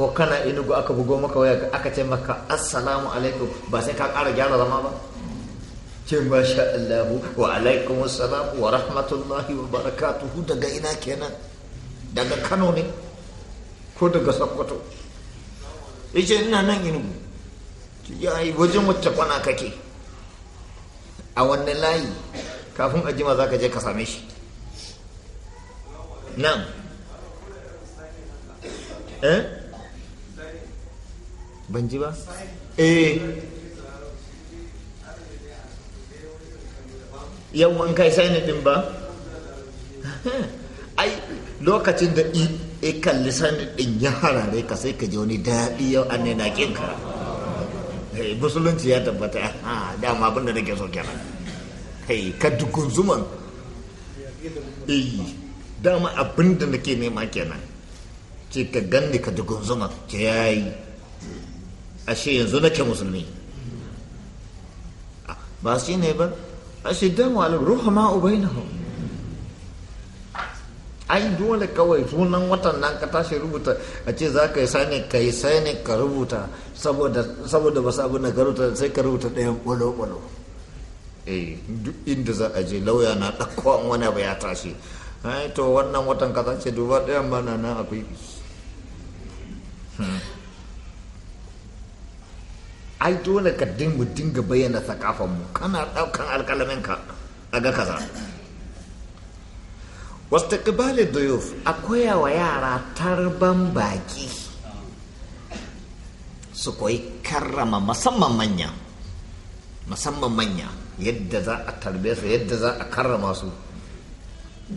ko kana inugu aka bugo maka waya aka ce maka assalamu alaikum ba sai ka ƙara gyara zama ba ce masha Allahu wa alaikum assalam wa rahmatullahi wa barakatuhu daga ina kenan daga Kano ne ko daga Sokoto yace ina nan inugu ya yi wajen wacce kwana kake a wannan layi kafin ajima za ka je ka same shi nan eh ban ji ba eh yau an kai sai din ba ai lokacin da e kalli sani din ya harare ka sai ka ji wani daɗi yau an ne na kin ka eh, musulunci ya tabbata ha dama abin da nake so kenan kai ka dukun zuman eh dama abin da nake nema kenan ce ka ganni ka dukun zuman ce yayi ashe yanzu nake musulmi ah, ba shi ne ba dan wa ruha ma ubainahu ai dole kawai sunan watan nan ka tashi rubuta a ce za ka yi sani ka yi sani ka rubuta saboda ba sabu na garuta sai ka rubuta ɗayan kwalo-kwalo eh, duk inda za a je lauya na ɗakko wani abu ya tashi ai to wannan watan ka tashi duba ɗayan ba na nan akwai hmm. ai dole ka mu dinga bayyana mu kana ɗaukan alƙalaminka a ga kaza wasu takibali doyof a koya wa yara tarban baki su koyi karrama musamman manya musamman manya yadda za a tarbe su yadda za a karrama su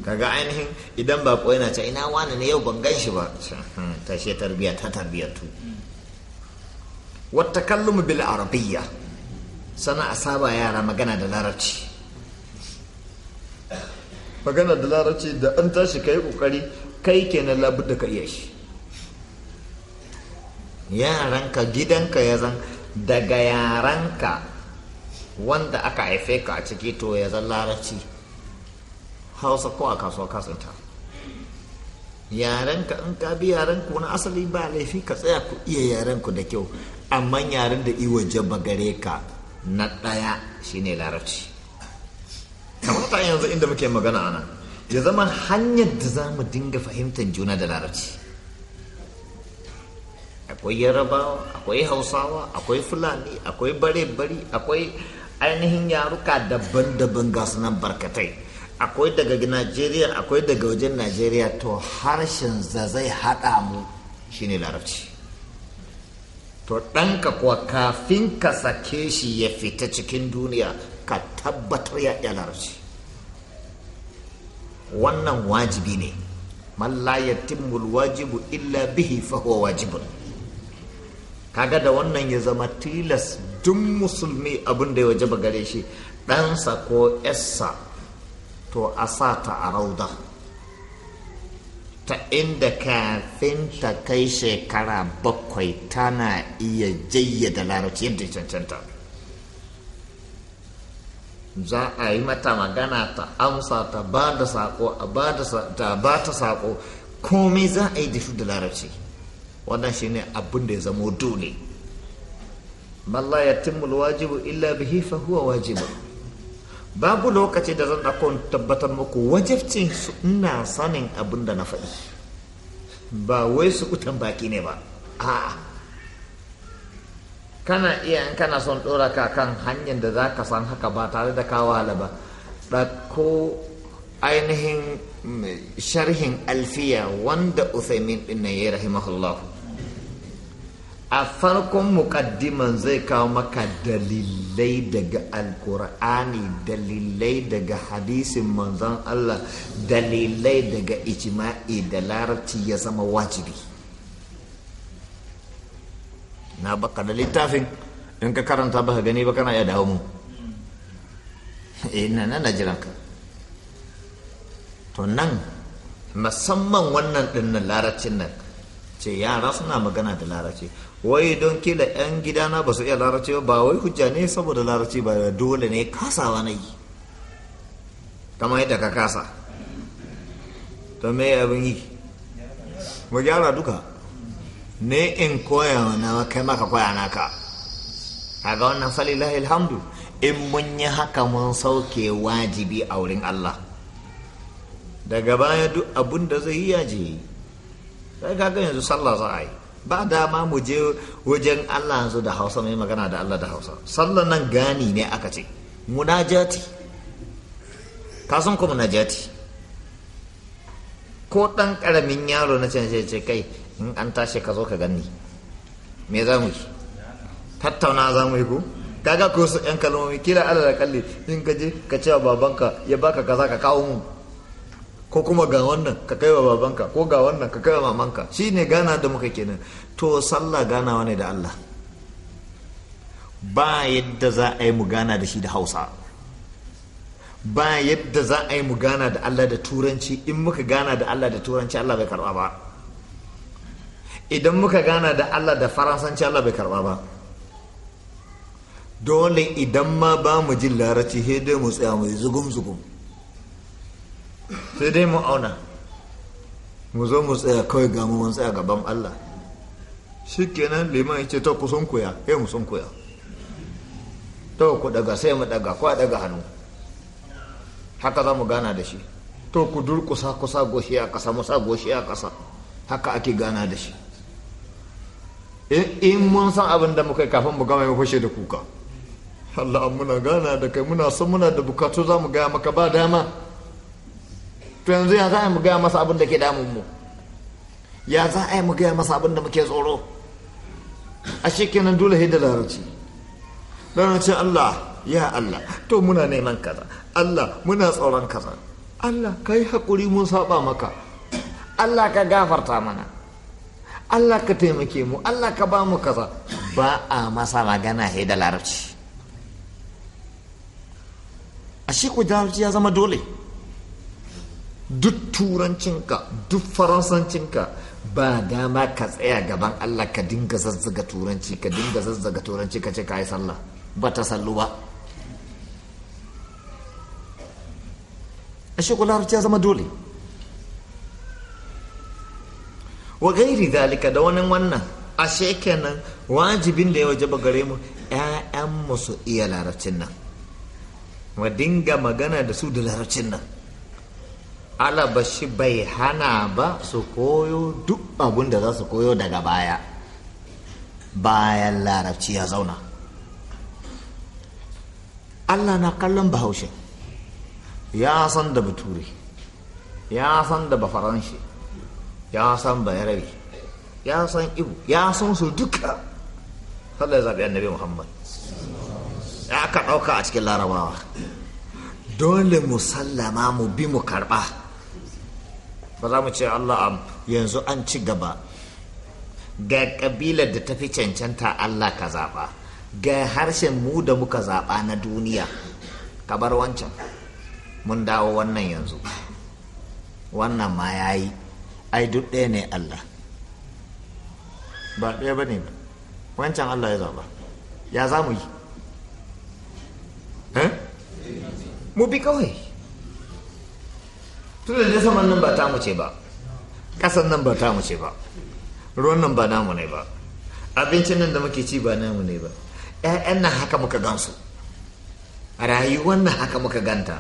kaga ainihin idan ba yana ce ina wani ne yau ban gan shi ba tashe tarbiya ta tarbiyatu wata kallon bil arabiyya sana a saba yara magana da larabci magana da larabci da an tashi kai kokari kai kenan labu da ka iya shi yaranka gidanka ya zan daga yaranka wanda aka haife ka a ciki to ya zan larabci hausa ko a kasuwa kasanta yarenka in ka bi yarenku wani asali ba laifi ka tsaya ku iya yarenku da kyau amma yaren da iwa jaba gare ka na ɗaya shine larabci kamata yanzu inda muke magana ana ya zama hanyar da za mu dinga fahimtar juna da larabci akwai yarabawa akwai hausawa akwai fulani akwai bare-bari akwai ainihin yaruka daban-daban ga sunan barkatai akwai daga najeriya akwai daga wajen najeriya to harshen za zai haɗa mu shine larabci to ɗanka kuwa kafin ka sake shi ya fita cikin duniya ka tabbatar ya iya larabci wannan wajibi ne mallayar timbul wajibu illa bihi fahuwa wajibu. wajibun kaga da wannan ya zama tilas duk musulmi abin da ya wajaba gare shi ɗansa ko 'yarsa to a sa ta a rauda ta inda kafin ta kai shekara bakwai tana iya jayyada larabci yadda cancanta za a yi mata magana ta amsa ta ba da sako a ba ta sako komai za a yi da da larabci wannan shi ne abin da ya zamo dole malla ya timmul wajibu illa bihi fa huwa wajibu babu lokaci da zan ɗauko tabbatar muku wajibcin su ina sanin abin da na faɗi ba wai su kutan baki ne ba a'a kana iya in kana son ɗora ka kan hanyar da za ka san haka ba tare da wahala ba ɗauko ainihin mm, sharhin alfiya wanda uthaymin ɗin ya rahimahullahu a farkon muƙaddiman zai kawo maka dalilai daga alkur'ani dalilai daga hadisin manzon Allah dalilai daga ijma'i da larabci ya zama wajibi na baka da littafin in ka karanta baka gani ba kana ya dawo mu ina eh, na jiran ka to nan musamman wannan dinnan larabcin nan ce yara suna magana da larabci wai don kila 'yan gidana ba su iya larace ba wai hujja ne saboda larace ba dole ne kasawa na yi kamar yadda ka kasa to me abin yi mu gyara duka ne in koya na kai maka koya naka kaga wannan falilahi alhamdu in mun yi haka mun sauke wajibi a wurin Allah daga baya duk abun da zai yi yaji. sai kaga yanzu sallah za a yi ba ma mu je wajen Allah yanzu da Hausa mai magana da Allah da Hausa sallan nan gani ne aka ce munajati ka san ko munajati ko dan karamin yaro na can ce kai in an tashi ka zo ka ganni me za mu yi tattauna za mu yi ko kaga ko su yan kalmomi kila Allah da kalli in ka je ka cewa babanka ya baka kaza ka kawo mu ko kuma ga wannan ka kai wa babanka ko ga wannan ka kai wa mamanka shi ne gana da muka kenan to sallah ganawa ne da Allah ba yadda za a yi mu gana da shi da hausa ba yadda za a yi mu gana da Allah da turanci in muka gana da Allah da turanci Allah bai karba ba idan muka gana da Allah da faransanci Allah bai karba ba dole idan ma ba mu jin larabci dai mu tsaya mu yi zugum zugum sai dai mu auna mu zo mu tsaya kawai ga mu tsaya gaban Allah shi kenan liman ya ce ta ku sun kuya ya eh, mu sun kuya to ku daga sai mu daga ko daga hannu haka za mu gana da shi to ku durkusa kusa goshi a kasa musa goshi a kasa haka ake gana da shi eh, in mun san abin da muka yi kafin mu gama ya fashe da kuka Allah muna gana da kai muna son muna da bukatu za mu gaya maka ba dama to yanzu ya za a mu gaya masa abin da ke damun mu ya za a mu gaya masa abin da muke tsoro a kenan dole da larabci larabcin Allah ya Allah to muna neman kaza Allah muna tsoron kaza Allah ka yi haƙuri mun saba maka Allah ka gafarta mana Allah ka taimake mu Allah ka ba mu kaza ba a masa magana da larabci a shi ku ya zama dole duk turancinka duk faransancinka ba dama ka tsaya gaban allah ka dinga zazzaga turanci ka dinga zazzaga turanci ka ce ka yi sallah ba ta sallu ba a shekula ya zama dole wa gairi zalika da wani wannan ashe kenan wajibin da ya waje ba gare mu 'ya'yan su iya larabcin nan wa dinga magana da su da larabcin nan Ala alabashi bai hana ba su koyo duk abin da za su koyo daga baya bayan larabci ya zauna allah na kallon bahaushe ya san da bature ya san da bafaranshi ya san bayarabe ya san ibu ya san su duka sallai zaɓi annabi muhammad ya ka ɗauka a cikin larabawa dole musallama mu bi mu karɓa ba za mu ce Allah yanzu an ci gaba ga kabilar da ta fi cancanta Allah ka zaɓa ga harshen mu da muka zaɓa na duniya ka bar wancan mun dawo wannan yanzu wannan ma ya yi ai duk ɗaya ne Allah ba ɗaya ba ne wancan Allah ya zaɓa ya za mu yi mu bi kawai tun da saman nan ba ta mu ce ba kasan nan ba ta mu ce ba ruwan nan ba namu ne ba abincin nan da muke ci ba namu ne ba ƴaƴan nan haka muka gansu rayuwar nan haka muka ganta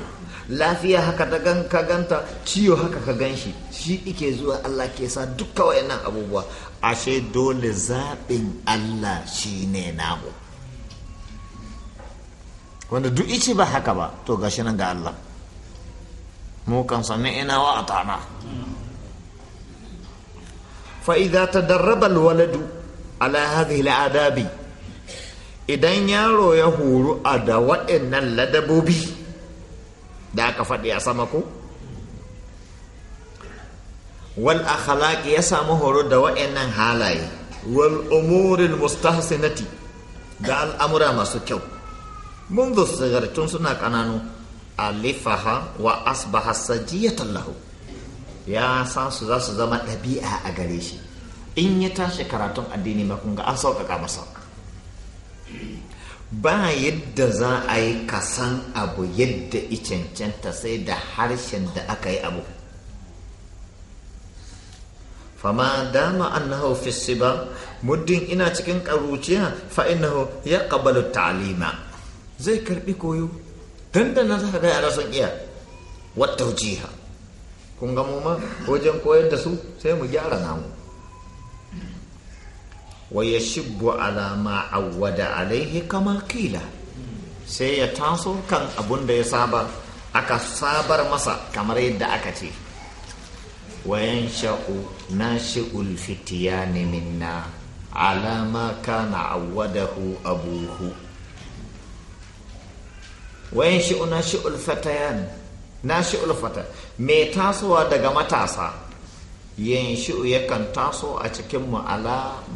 lafiya haka ta gan ka ganta ciwo haka ka gan shi shi ike zuwa Allah ke sa kawai wayannan abubuwa ashe dole zaɓin Allah shi ne namu wanda duk ice ba haka ba to gashi nan ga Allah mukan kan sami ina wa atana fa idza tadarraba alwaladu ala hadhihi aladabi idan yaro ya horu a da waɗannan ladabobi da aka faɗi a sama ko wal akhlaq ya samu horo da waɗannan halaye wal umuril mustahsinati da al'amura masu kyau mun منذ tun suna ƙananu. alifaha wa asbaha sajiyatan lahu ya san su za su zama ɗabi'a a gare shi in ya tashi karatun addini ma kun an sauƙaƙa masa ba yadda za a yi kasan abu yadda i cancanta sai da harshen da aka yi abu fama dama annahu fi siba muddin ina cikin karuciya fa innahu ya qabalu ta'lima zai karɓi koyo dandanan za ka ga yara sun iya wata jiha kun ga mu ma wajen koyar da su sai mu gyara namu wa ya alama ala ma awwada alaihi kama kila sai ya taso kan abun da ya saba aka sabar masa kamar yadda aka ce wayan sha'u na shi'ul fitiyani minna alama kana awwadahu abuhu wayan shi'una shi'ul fatayan na shi'ul fata mai tasowa daga matasa yin shi'u yakan taso a cikin mu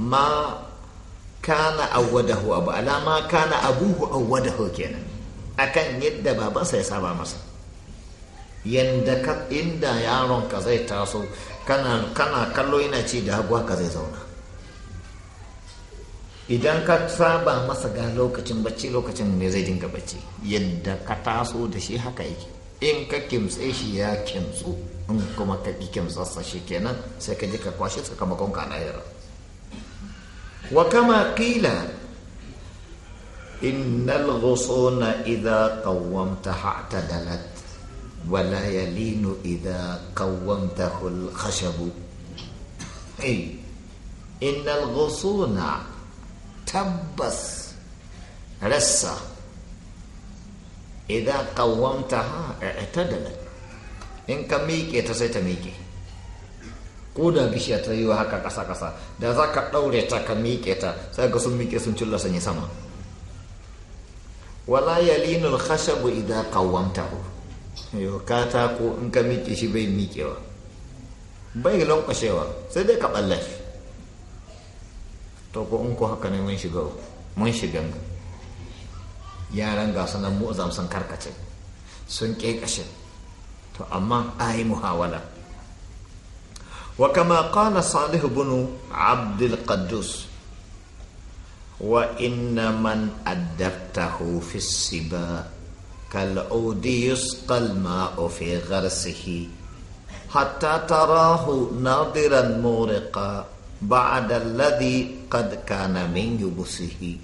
ma kana awwadahu abu ala ma kana abuhu awwadahu kenan akan yadda babansa ya saba masa yanda inda yaron ka zai taso kana kana kallo yana ci da hagwa ka zai zauna idan ka saba masa ga lokacin bacci lokacin ne zai dinga bacci yadda ka taso da shi haka yake in ka kimtse shi ya kimtsu in kuma ka ki kimtsarsa shi kenan sai ka ji ka kwashe sakamakon ka lahira wa kama kila? innal ghusuna idza qawwamta ha'tadalat wa la yalinu idza qawwamtahu al khashabu ay innal ghusuna tabbas rassa idan kawanta ha i'tadala in ka miƙe ta sai ta miƙe ko da bishiya ta yi wa haka ƙasa-ƙasa da za ka ɗaure ta ka miƙe ta sai ga sun miƙe sun cilla sanyi sama wala yalinul khashabu idan kawamtahu yau katako in ka miƙe shi bai miƙewa bai lankwashewa sai dai ka ɓallashi to ko in ko haka ne mun shiga mun shiga yaran ga sanan mu azam sun karkace sun kekashe to amma ayi muhawala wa kama qala salih ibn abd al-qaddus wa inna man addabtahu fi siba kal'udi yusqa al-ma'u fi gharsihi حتى تراه ناظرا مورقا بعد الذي قد كان من يبسه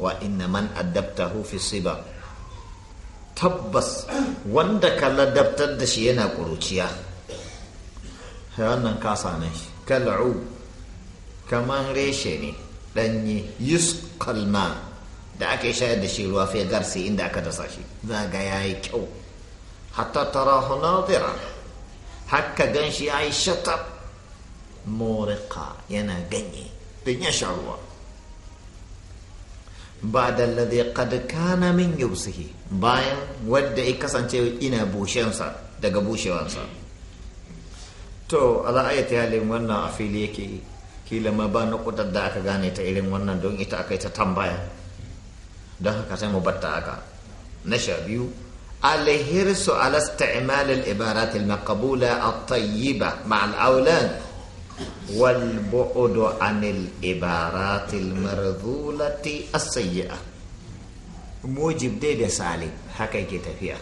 وإن من أدبته في الصبا تبس وندك لدبت دشينا قروتيا هانا كاسانش kal'u kaman reshe ne ɗanye yuskalma da aka shayar da shi ruwa fiye garsi inda aka dasa shi za ga ya yi kyau hatta tara hunadira haka gan shi ya yi shatab moriqa yana ganye don ya sha ruwa ba da lade kana min yubsihi bayan wadda ya kasance ina bushensa daga bushewansa to ala ayata halin wannan a fili yake kila ma ba na kudar da aka gane ta irin wannan don ita aka yi ta tambaya don haka sai mu batta aka na sha biyu alhirsu ala isti'mal al ibarat al maqbula at tayyiba ma al walbo'odo anil ibaratil marzulati asayya'a mojib dai da sali haka yake tafiya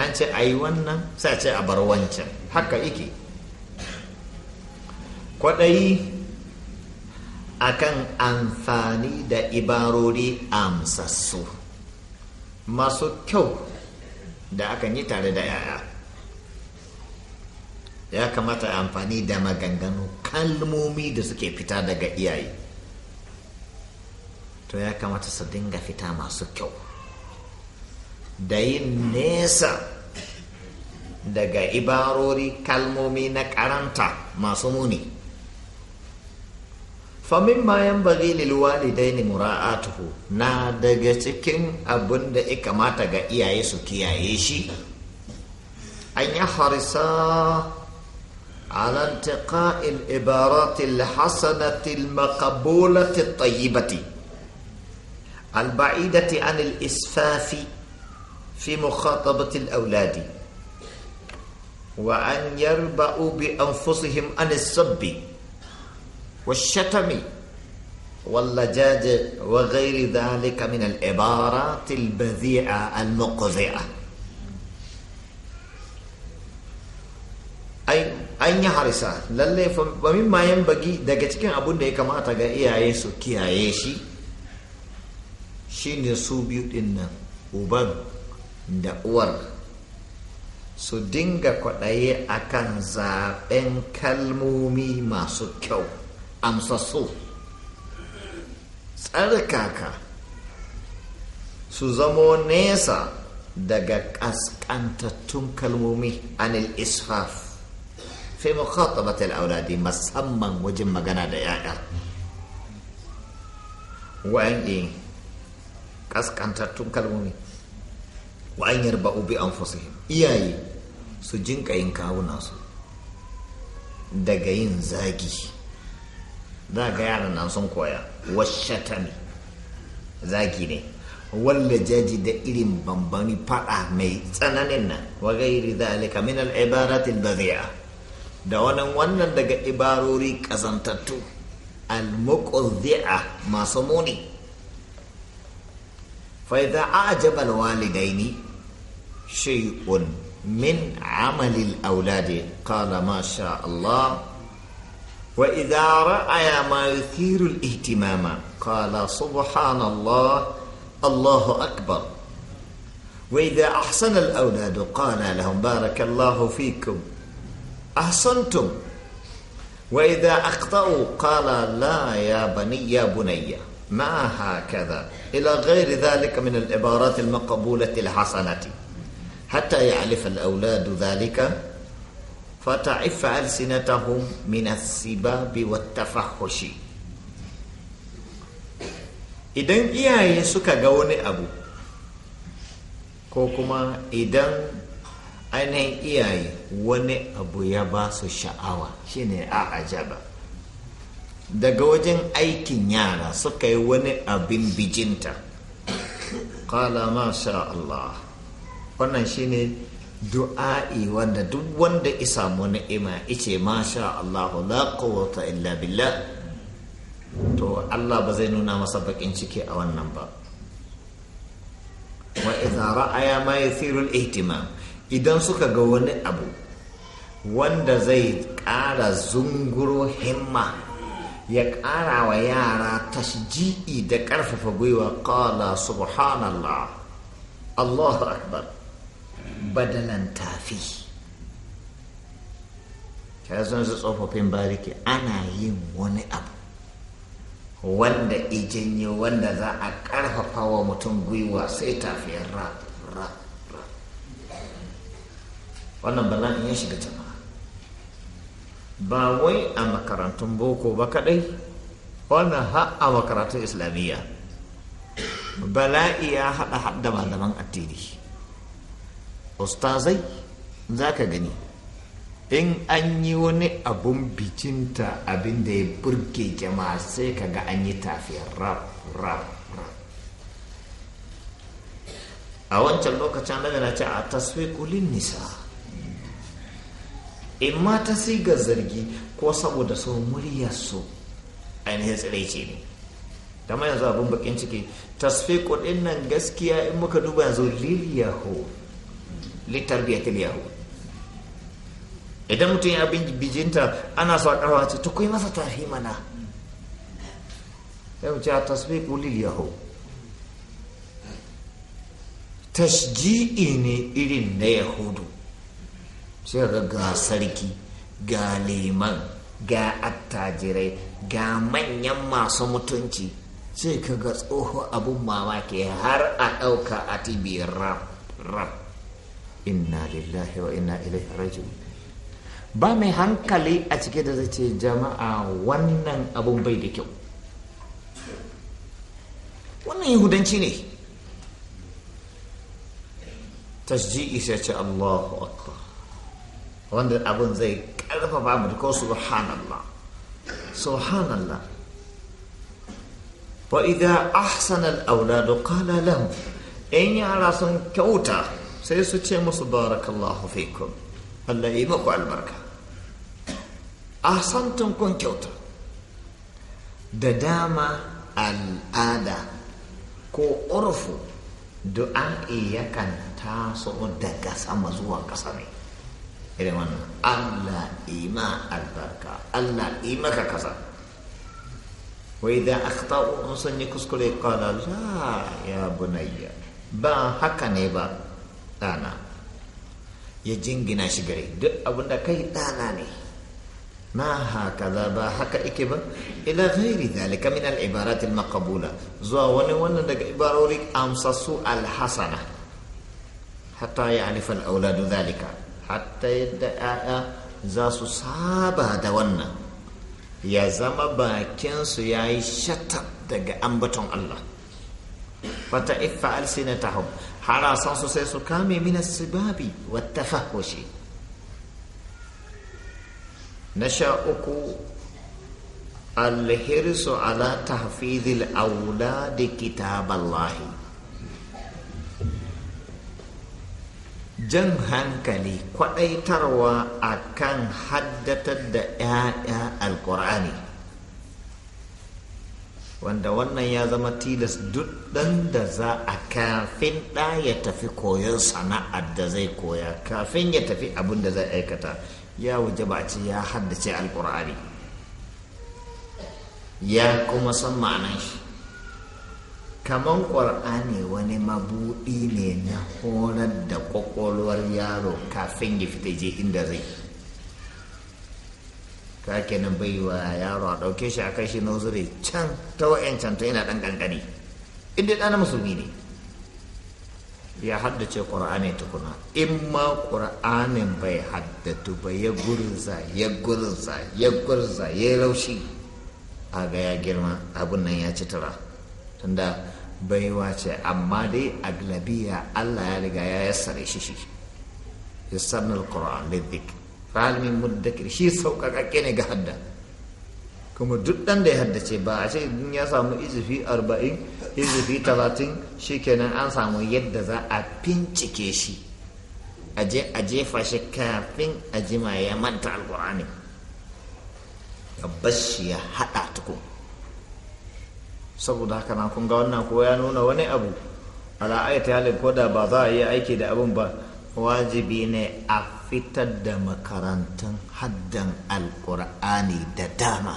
an ce a wannan sa ce a bar wancan haka yake kwaɗayi akan kan amfani da ibarori amsassu masu kyau da akan yi tare da yaya ya kamata a amfani da maganganu kalmomi da suke fita daga iyaye to ya kamata su dinga fita masu kyau da yin nesa daga ibarori kalmomi na karanta masu muni famin bayan bari liluwa ne mura'atuhu na daga cikin abin da ya kamata ga iyaye su kiyaye shi an yi harisa على انتقاء العبارات الحسنة المقبولة الطيبة البعيدة عن الإسفاف في مخاطبة الأولاد وأن يربأوا بأنفسهم عن السب والشتم واللجاج وغير ذلك من العبارات البذيئة المقذئة an yi harisa lallai famin mayan bagi daga cikin abun da ya kamata ga iyaye su kiyaye shi shine su biyu din nan uban da uwar su dinga kwaɗaye akan zaɓen kalmomi masu kyau amsassu tsarkaka su zamo nesa daga ƙasƙantattun kalmomi anil isfaf fi mukhatabatil auladi musamman wajen magana da yaya wa'an in kaskantattun kalmomi wa'an yarba'u bi anfusihim iyaye su jinka yin kawuna su daga yin zagi za ga yaran nan sun koya washatami zagi ne walla jaji da irin bambani fada mai tsananin nan wa gairi zalika min al-ibaratil badhi'a da wannan wannan daga ibarori kazantattu al-muqaddi'a masu muni fa idza ajaba al-walidaini shay'un min amali al-awladi qala ma sha Allah wa idza ra'aya ma yuthiru al-ihtimama qala subhanallah Allahu akbar وإذا أحسن الأولاد قال لهم بارك الله فيكم أحسنتم وإذا أخطأوا قال لا يا بني يا بني ما هكذا إلى غير ذلك من العبارات المقبولة الحسنة حتى يعرف الأولاد ذلك فتعف ألسنتهم من السباب والتفحش إذن إياه suka قوني أبو كوكما إذن ainihin iyaye wani abu ya ba su sha'awa shine a ajaba daga wajen aikin yara suka yi wani abin bijinta kala masha Allah wannan shine du'a'i wanda duk wanda isa wani ima ice masha Allah la quwwata illa billah to Allah ba zai nuna masa bakin ciki a wannan ba wa idza ra'aya ma yathiru ihtimam idan suka ga wani abu wanda zai ƙara zunguro himma ya ƙara wa yara tashji'i da ƙarfafa gwiwa ƙala subhanallah allahu akbar badalan tafi ka su tsofaffin bariki ana yin wani abu wanda ijinye wanda za a ƙarfafa wa mutum gwiwa sai tafiyar rap wannan bala'in ya shiga jama'a ba wai a makarantun boko ba kadai wannan ha a makarantun islamiyya bala'i ya haɗa hada malaman addini ustazai za ka gani in an yi wani abun bikinta abin da ya burge jama'a sai ka ga an yi tafiyar rap rap a wancan lokacin daga na ce a taswikulin nisa in mata ta siga zargi ko saboda sau muryarsu ainihin ce ne kamar yanzu abin bakin ciki tasfiko kudin nan gaskiya in muka duba yanzu liliyahu litarbiyatul yahud idan mutum ya bin bijinta ana sa karawa ce ta kai masa tafi mana ya wuce ce a tasfiku lil yahu tashji'i ne irin na yahudu sai ga sarki ga liman ga attajirai ga manyan masu mutunci sai ka ga tsoho abun mamaki har a ɗauka a tibi rab rab inna lillahi wa inna ilaihi raji'un ba mai hankali a cike da zai jama'a wannan abun bai da kyau wannan yahudanci ne tasji'i sai ce allahu akbar wanda abin zai karfafa mu ko subhanallah subhanallah wa idza ahsana al-awlad qala lahum in yara sun kyauta sai su ce musu barakallahu fikum Allah yi muku albarka ahsantum kun kyauta da dama al'ada ko urfu du'a yakan taso daga sama zuwa ƙasa ne irin wannan Allah ima albarka Allah ima ka kasa wai da akhtau in sun yi kuskure kala la ya bunayya ba haka ne ba ɗana ya jingina shi gare duk abinda kai ɗana ne ma haka za ba haka ike ba ila ghairi zalika min al ibarat al maqbula zuwa wani wannan daga ibarori amsasu al hasana hatta ya alifa al auladu zalika hatta yadda 'ya'ya za su saba da wannan ya zama bakinsu ya yi shatar daga ambaton Allah fata iffa alsinatahum harasan su sai su kame min sibabi wata tafahushi na sha uku alhirsu ala tahfidil auladi kitaballahi jan hankali kwaɗaitarwa a kan haddatar da 'ya'ya alkur'ani wanda wannan ya zama tilas duk ɗan da za a kafin ɗa ya tafi koyon sana'ar da zai koya kafin ya tafi abin da zai aikata ya waje ba ce ya haddace alkur'ani ya kuma san ma'anan kaman ƙwar'ani wani mabuɗi ne na horar da ƙwaƙwalwar yaro kafin ya fita je inda zai ta kenan bai wa yaro a ɗauke shi a kai shi nursery can ta wa'yan can ta yana ɗan ƙanƙani inda ɗana musulmi ne ya haddace ƙur'ani tukuna in ma ƙur'anin bai haddatu ba ya gurza ya gurza ya gurza ya laushi. a ga ya girma abin nan ya ci tara. tunda baiwa ce amma dai ya Allah ya riga ya yassare shi shi yassarnal qur'an da fa'al min shi sauƙaƙaƙe ne ga hadda kuma duk ɗan da ya haddace ba a ce in ya samu izifi arba'in izifi talatin shi kenan an samu yadda za a fincike shi aje a jefa shi kafin a jima ya manta al'kurani. ya bashi ya haɗa tukun saboda haka na kunga wannan ko ya nuna wani abu ala ayata halin ko da ba za a yi aiki da abin ba wajibi ne a fitar da makarantun haddan alkur'ani da dama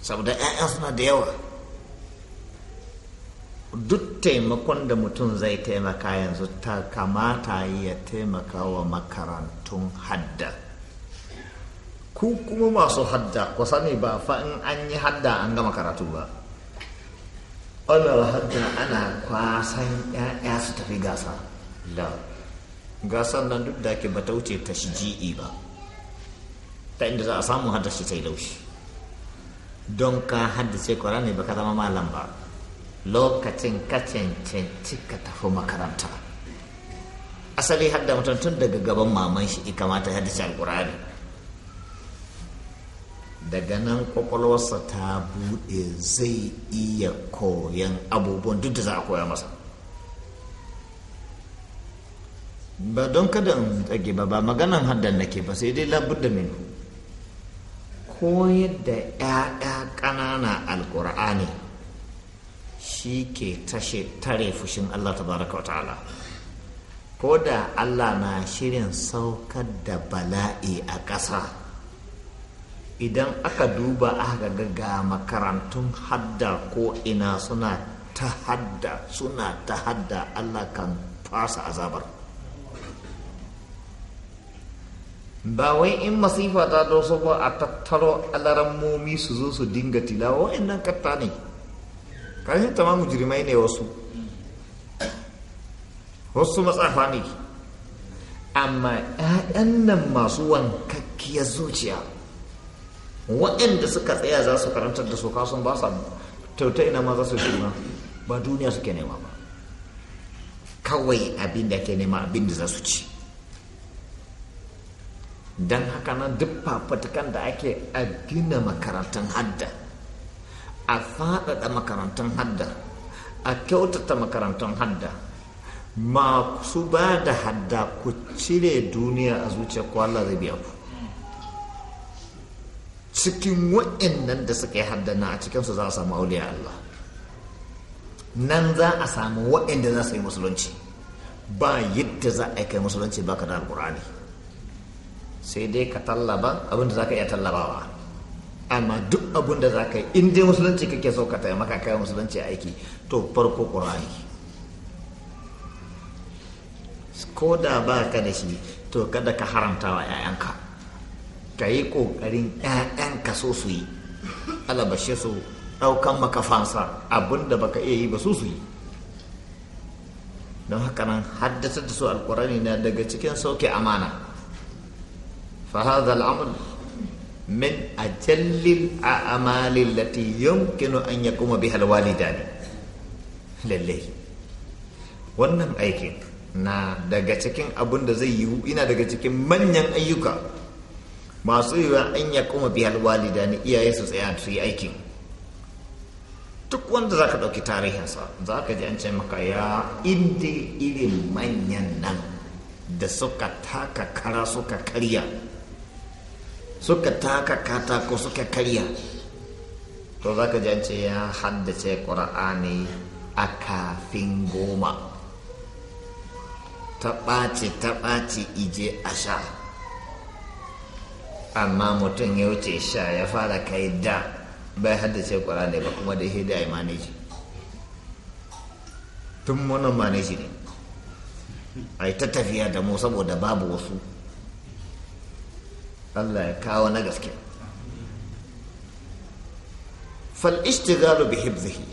saboda 'ya'yan suna da yawa duk taimakon da mutum zai taimaka yanzu ta kamata ya taimaka wa makarantun hadda ku kuma masu hadda ku sani ba fa in an yi hadda an gama karatu ba ana hadda ana kwasan ya'ya su tafi gasa Gasar gasan nan duk da ke bata wuce ta ji'i e ba ta inda za a samu hadda shi sai laushi don ka kwara ne baka zama malam ba lokacin ka cancanci ka tafi makaranta asali hadda mutum tun daga gaban maman shi kamata shi alkurani daga nan kwakwalwarsa ta buɗe zai iya koyan abubuwan duk da za a koya masa ba don kada in tsage ba ba maganan haddan nake ba sai dai da min koyar da 'ya'ya ƙanana alkur'ani shi ke tashe tare fushin allah ta wa ta'ala ko da allah na shirin saukar da bala'i a ƙasa idan aka duba aka ga makarantun hadda ko ina suna ta hadda suna ta hadda allah kan fasa azabar ba wai in masifa ta doso ba a tattaro alarammomi su zo su dinga tilawa wa'annan katta ne kashin tama mujrimai ne wasu wasu matsafa ne amma 'ya'yan nan masu wankakkiyar zuciya waɗanda suka tsaya za su karanta da su kasan ba su tauta ina ma za su yi ba duniya suke nema ba kawai abin da ke nema abin da za su ci don haka nan duk fafatakan da ake a gina makarantun hadda a faɗaɗa makarantun hadda a kyautata makarantun hadda masu ba da hadda ku cire duniya a zuciya kwallon zai biya ku cikin wa'annan da suka yi haddana a cikinsu za a samu auliya Allah nan za a samu wa'anda za su yi musulunci ba yadda za a kai musulunci ba ka da alkurani sai dai ka tallaba abinda za ka iya tallabawa amma duk abinda da za ka yi in dai musulunci kake so ka taimaka kai musulunci aiki to farko kurani ko da ba ka da shi to kada ka haramta wa 'ya'yanka ka yi ƙoƙarin ‘ya'yan ka so su yi alabashe su ɗaukan makafansa fansa abin baka iya yi ba su su yi don haka nan haddasa da su alƙurani na daga cikin sauke amana fahazal al'amul min ajallil amalin lati yankinu an ya kuma bi halwali dani Lallai, wannan aikin na daga cikin abin zai yiwu ina daga cikin manyan ayyuka masu yiwuwa an ya kuma biya walida ne iyaye su tsaya su yi aikin duk wanda za ka ɗauki tarihinsa za ka ji an ce maka ya inda irin manyan nan da suka taka kara suka karya suka taka katako suka karya to za ka ji an ce ya haddace ƙura'ani a kafin goma ta ɓace ta ɓace ije a sha amma mutum ya wuce sha ya fara kai da bai haddace ne ba kuma da hida ya maneji tun wannan maneji ne a yi ta tafiya da mu saboda babu wasu allah ya kawo na gaske fal hibzihi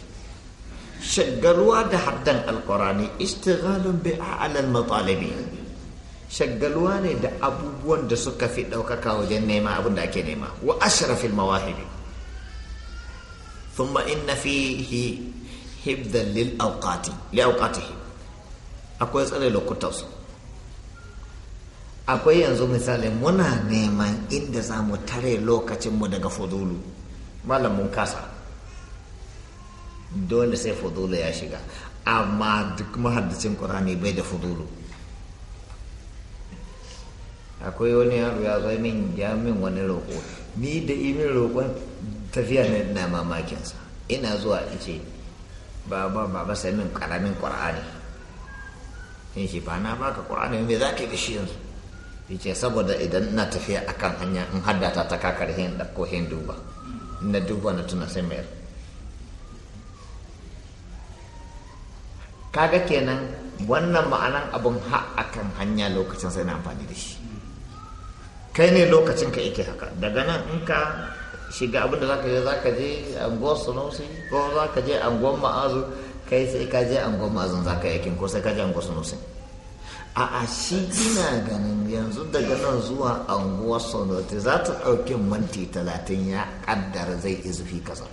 shagaruwa da haddan حدا القرآن bi بأعلى matalibi shaggaluwa ne da abubuwan da suka fi ɗaukaka wajen nema abin da ake nema wa ashrafil mawahibi thumma inna fihi hibdan lil awqati li awqatihi akwai tsare su. akwai yanzu misali muna neman inda za mu tare mu daga fudulu malamin kasa dole sai fudulu ya shiga amma duk mahaddacin ƙurani bai da fudulu akwai wani yaro ya zai min ya min wani roƙo ni da imin roƙon tafiya na mamakinsa ina zuwa ice ba ba ba ba sai min karamin ƙwar'ani in shi ba na baka ƙwar'ani me za ka yi shi yanzu ce saboda idan ina tafiya akan hanya in haddata ta kakar hin da ko hin duba na duba na tuna sai mayar kaga kenan wannan ma'anan abun ha a kan hanya lokacin sai na amfani da shi kai ne lokacin ka yake haka daga nan in ka shiga abin da zaka je zaka je anguwar sunusi ko zaka je anguwar ma'azu kai sai ka je anguwar ma'azun zaka yakin ko sai ka je anguwar sunusi a a shi ina ganin yanzu daga nan zuwa anguwar sunusi za ta ɗauki minti talatin ya kaddar zai izufi kasa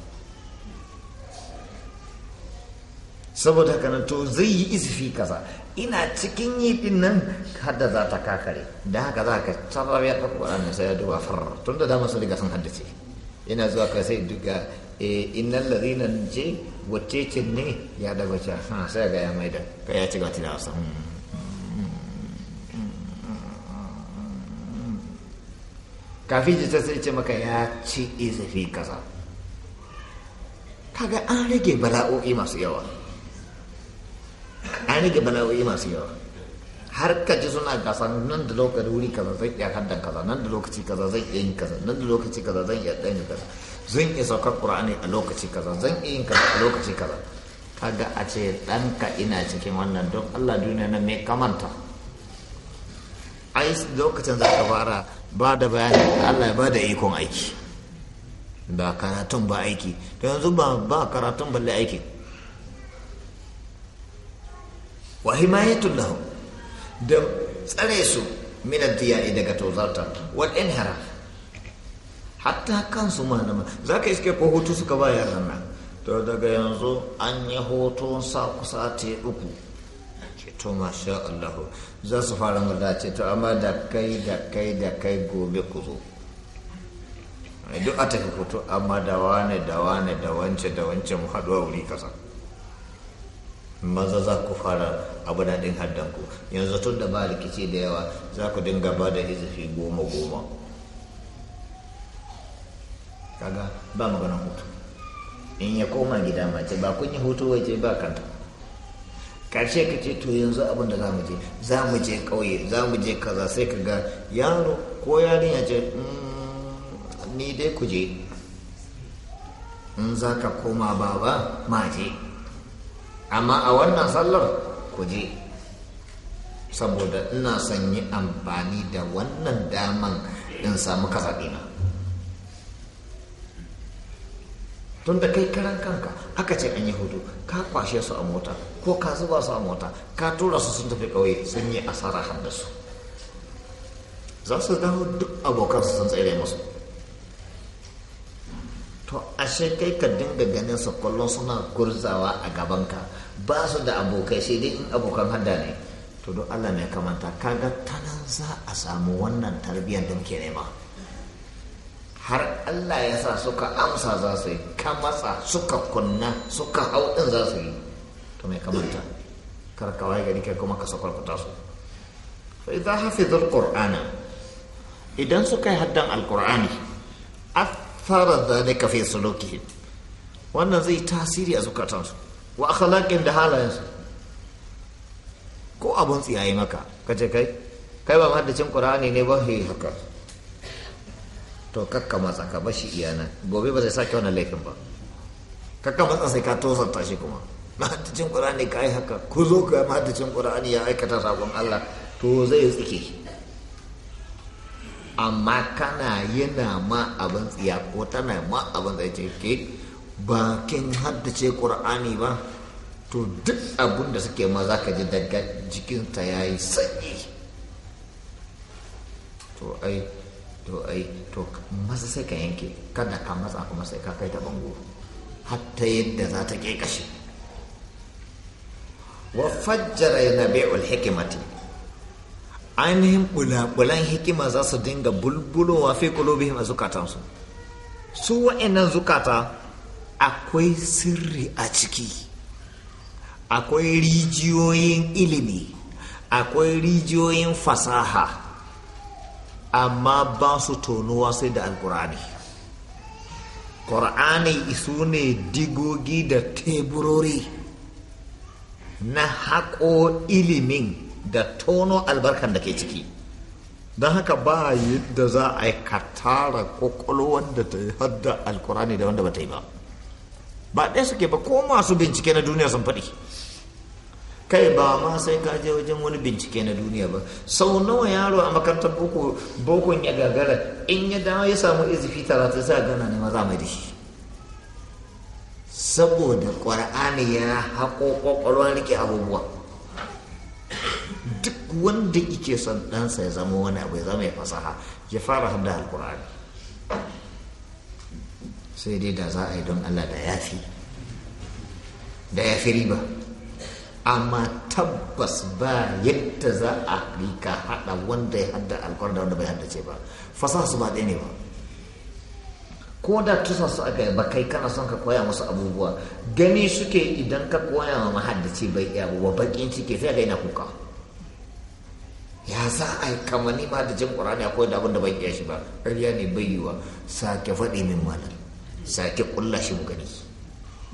saboda haka to zai yi izufi kasa ina cikin yi din nan hadda za ta kakare da haka za ka sarrafa ya ɗauko ƙwararren sai ya duba farar tun da dama sun riga sun haddace ina zuwa ka sai duka ina lalina je wacece ne ya daga ce sai ga ya maida ka ya ci gaba da wasa hmm, kafin jita sai ce maka ya ci izafi kaza kaga an rage bala'o'i masu yawa ainihin rage bala'o'i masu yawa har ka ji suna gasa nan da lokacin wuri kaza zai iya haddan kaza nan da lokaci kaza zai iya yin kaza nan da lokaci kaza zan iya ɗan kaza zan iya saukar ƙura'ani a lokaci kaza zan iya yin kaza a lokaci kaza kaga a ce ɗanka ina cikin wannan don allah duniya nan me kamanta ai lokacin za ka fara ba da bayani allah ya ba da ikon aiki ba karatun ba aiki to yanzu ba karatun balle aiki wa himayatun lahum da tsare su min ad daga tozarta wal inhara hatta su ma nan za ka iske ko hutu suka ba yaran nan to daga yanzu an yi hoto sa kusa te uku to masha Allah za su fara mu dace to amma da kai da kai da kai gobe ku zo duk a tafi hoto amma da wane da wane da wance da wance mu haɗu a wuri kasa maza za ku fara abu da ɗin haddanku yanzu tun da ba rikici da yawa za ku dinga ba da izifi goma goma kaga ba magana hutu in ya koma gida mace ba kun yi hutu waje ba kanta karshe ka ce to yanzu abin da za mu je za mu je ƙauye za mu je kaza sai ka ga yaro ko yarin ya ce mm, ni dai ku je in za ka koma baba ma je amma a wannan sallar ku je saboda ina son yi amfani da wannan daman in samu kasaɗina tun da kai karan kanka aka ce an yi hudu ka kwashe su a mota ko ka zuba su a mota ka tura su sun tafi ƙauye sun yi asara har su za su dawo duk abokansu sun tsere musu to ashe kai ka dinga ganin su kullum suna gurzawa a gabanka ba su da abokai sai dai in abokan hada ne to don allah mai kamanta kaga tanan za a samu wannan tarbiyyar da muke nema har allah ya sa suka amsa za su yi ka matsa suka kunna suka hau din za su yi to mai kamanta kar ka waye kai kuma ka sakwalkuta su fa idza hafizul qur'ana idan suka yi haddan alqur'ani zane dhalika fi sulukihim wannan zai tasiri a zukatansu wa akhlaqin da halayensu ko abun tsiyaye maka kace kai kai ba mahaddacin qur'ani ne ba he haka to kakka matsa ka bashi iyana gobe ba zai sake wannan laifin ba kakka matsa sai ka tosarta shi kuma mahaddacin qur'ani kai haka ku zo ka mahaddacin qur'ani ya aikata sabon Allah to zai tsike amma kana yana ma abin tsiya ko tana ma abin da ke ba kin haddace ƙur'ani ba to duk abin da suke ma za ka ji daga jikinta ya yi sanyi to ai to ai to masa sai ka yanke kada ka matsa kuma sai ka kai ta bango hatta yadda za ta ke kashe wa fajjara yana bai'ul hikimati ainihin bulabulan hikima za su dinga bulbulowa fi kulobihim a zukatansu su wa'annan zukata akwai sirri a ciki akwai rijiyoyin ilimi akwai rijiyoyin fasaha amma ba su tonuwa sai da alkurani ƙur'ani su ne digogi da teburori na haƙo ilimin da tono albarkan da ke ciki don haka ba yadda za a yi katara ƙwaƙwalwar wanda ta yi hadda alkurani da wanda ba ta yi ba ba ɗaya suke ba ko masu bincike na duniya sun faɗi kai ba ma sai ka je wajen wani bincike na duniya ba sau nawa yaro a makarantar boko bokon ya gagara in ya dawo ya samu izifi talatin sai gana ne maza mai dashi saboda ƙwar'ani ya haƙo ƙwaƙwalwa rike abubuwa duk wanda yake son ɗansa ya zama wani abu ya zama ya fasaha ya fara hada alƙur'ani sai dai da za a yi don allah da ya fi da ya fi riba amma tabbas ba yadda za a rika hada wanda ya hada alkwar da wanda bai haddace ba fasaha su ba ɗaya ne ba ko da tusa su aka ba kai kana son ka koya musu abubuwa gani suke idan ka koya ma mahaddaci bai iya abubuwa bakin ciki sai ga yana kuka ya za a yi kamani ba da jin ƙurani akwai da abin da bai iya shi ba ƙarya ne bai yiwa sake faɗi min malam sake kulla shi mu gani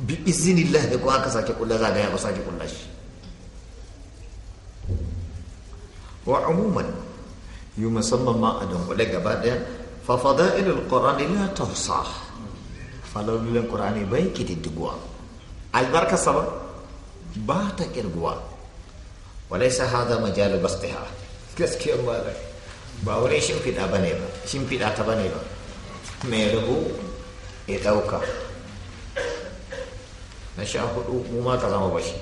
bi izinillah da ko aka sake kulla za ga ya sake kulla shi wa umuman yi musamman ma a dangwale gaba daya fa fada'ilul qur'ani la tuhsa falalul qur'ani bai kididdiguwa albarka sama ba ta kirguwa walaysa hadha majalu bastiha gaskiyar malai ba wurin shimfiɗa ba ne ba shimfiɗa ta ba ne ba mai rubu ya ɗauka na sha hudu mu ma ka zama bashi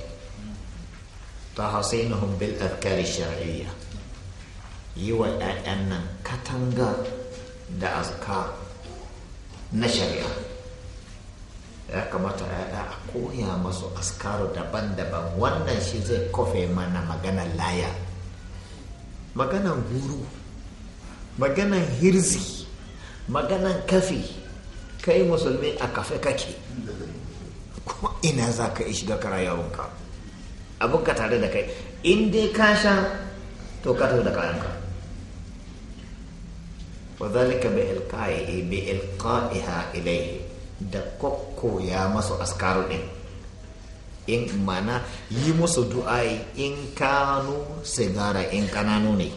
ta hasainuhum bil adkari shar'iyya yi wa 'ya'yan nan katanga da azkar na shari'a ya kamata ya'ya a koya masu askaru daban-daban wannan shi zai kofe mana maganar laya maganan guru maganan hirzi maganan kafi kai musulmi a kafe kake kuma ina za ka shiga kara yawonka ka tare da kai in dai ka sha to ka da kayanka wa zalika bi ilqa'ihi bi ilqa'iha ilayhi da kokko ya masu askaru din in mana yi musu du'ai in kanu sigara in kananu ne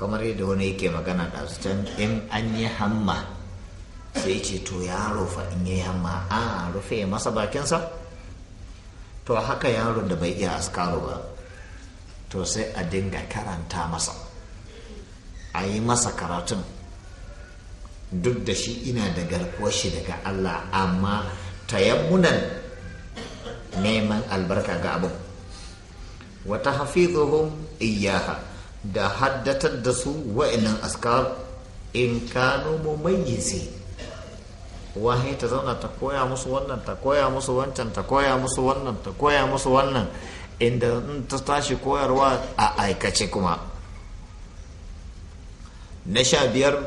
kamar yadda wani yake magana ɗazu can in an yi hamma sai ce to ya rufe in yi hamma a rufe masa bakinsa to haka yaro da bai iya askaro ba to sai a dinga karanta masa a yi masa karatun duk da shi ina da garkuwar shi daga Allah amma tayammunan neman albarka ga abu. wata hafizuhum iyaha da haddatar da su wa'annan askar in kano mumayyizi wahai ta zauna ta koya musu wannan ta koya musu wancan ta koya musu wannan ta koya musu wannan inda ta tashi koyarwa a aikace kuma na sha biyar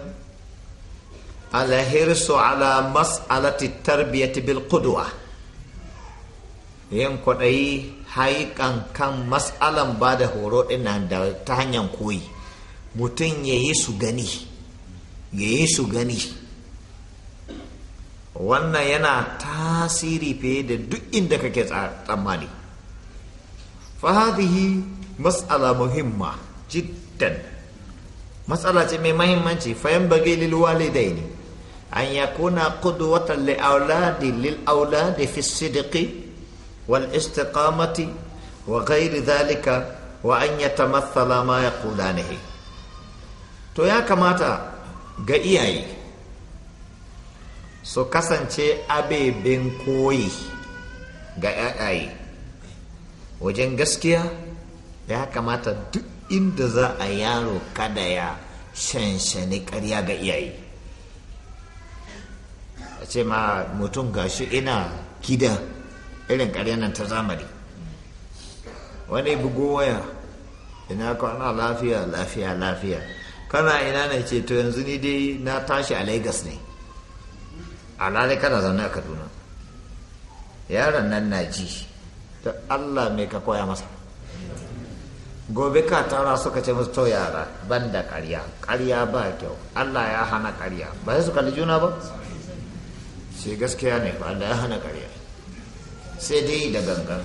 alhirsu ala mas'alati tarbiyyati bil kuduwa yin kwaɗayi haikan kan mas'alan ba da horo ɗin da ta hanyar koyi mutum ya yi su gani ya yi su gani wannan yana tasiri fiye da duk inda kake tsammani fahadihi matsala muhimma jiddan matsala ce mai mahimmanci fayan bage lilwalidai ne an ya kuna kudu watan li'auladi lil'auladi fi sidiki wal istiqamati wa gairi zalika wa an ya tamassala ma ya kula to ya kamata ga iyaye su kasance abeben koyi ga yaƙaye wajen gaskiya ya kamata duk inda za a yaro kada ya shanshani karya ga iyaye a ce ma mutum gashi ina gida irin karya nan ta zamani wani bugo waya ina kwana lafiya lafiya lafiya kana ina na ce to yanzu ni dai na tashi a lagos ne alhali kana zaune a kaduna yaron nan na ji ta allah mai ka koya masa gobe ka tara suka ce musu yara ban da karya karya ba kyau allah ya hana karya ba sai su kalli juna ba sai gaskiya ne ba allah ya hana karya sai dai da gangan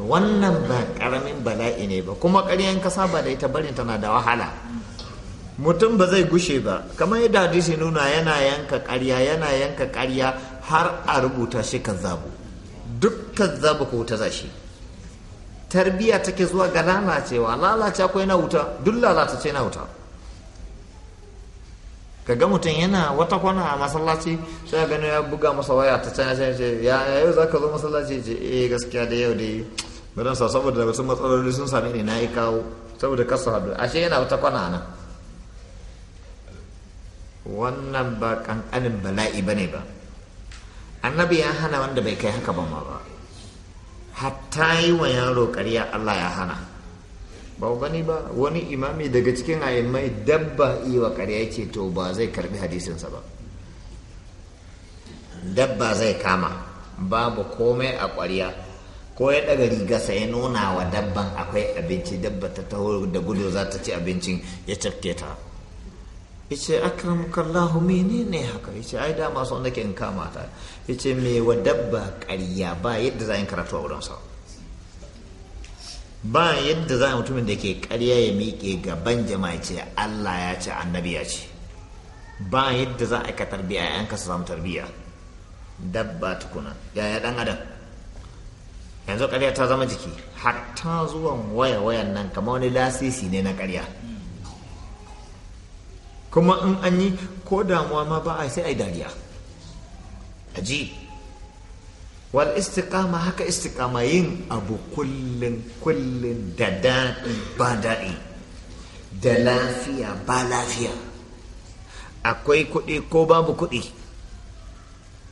wannan ba karamin bala'i ne ba kuma karyan kasa ba da ita barin tana da wahala mutum ba zai gushe ba kamar yadda hadisi nuna yana yanka karya yana yanka karya har a rubuta shi kazzabu duk kazzabu ko ta zashi tarbiya take zuwa ga lalacewa lalace akwai na wuta duk lalata ce yana wuta kaga mutum yana wata kwana a masallaci sai gano ya buga masa waya ta can ya ce ya yau za ka zo masallaci ce eh gaskiya da yau dai bari sa saboda wasu matsaloli sun sami ni na yi kawo saboda kasa hadu ashe yana wata kwana nan wannan ba kankanin bala'i ba ne ba annabi ya hana wanda bai kai haka ba ma ba hatta yi wa yaro ƙarya allah ya hana ba gani ba wani imami daga cikin mai dabba yi wa ƙarya ce to ba zai karbi hadisinsa ba dabba zai kama babu komai a ƙwarya ko ya daga riga sai nuna wa dabban akwai abinci dabba ta taho da gudu za ta ci abincin ya cafke ta yace akramukallahu menene haka yace ai da masu wanda ke in kama ta yace me wa dabba ƙarya ba yadda za a yi karatu a wurin sa ba yadda za a mutumin da ke ƙarya ya miƙe gaban jama'a ce Allah ya ce annabi ya ce ba yadda za a ka tarbiya yanka su samu tarbiya dabba tukuna yaya dan adam yanzu ƙarya ta zama jiki hatta zuwan waya wayan nan kamar wani lasisi ne na ƙarya kuma in an yi ko damuwa ma ba a sai a yi dariya aji wal istiqama haka istiqama yin abu kullun kullun da daɗi ba daɗi da lafiya ba lafiya akwai kuɗi ko babu kuɗi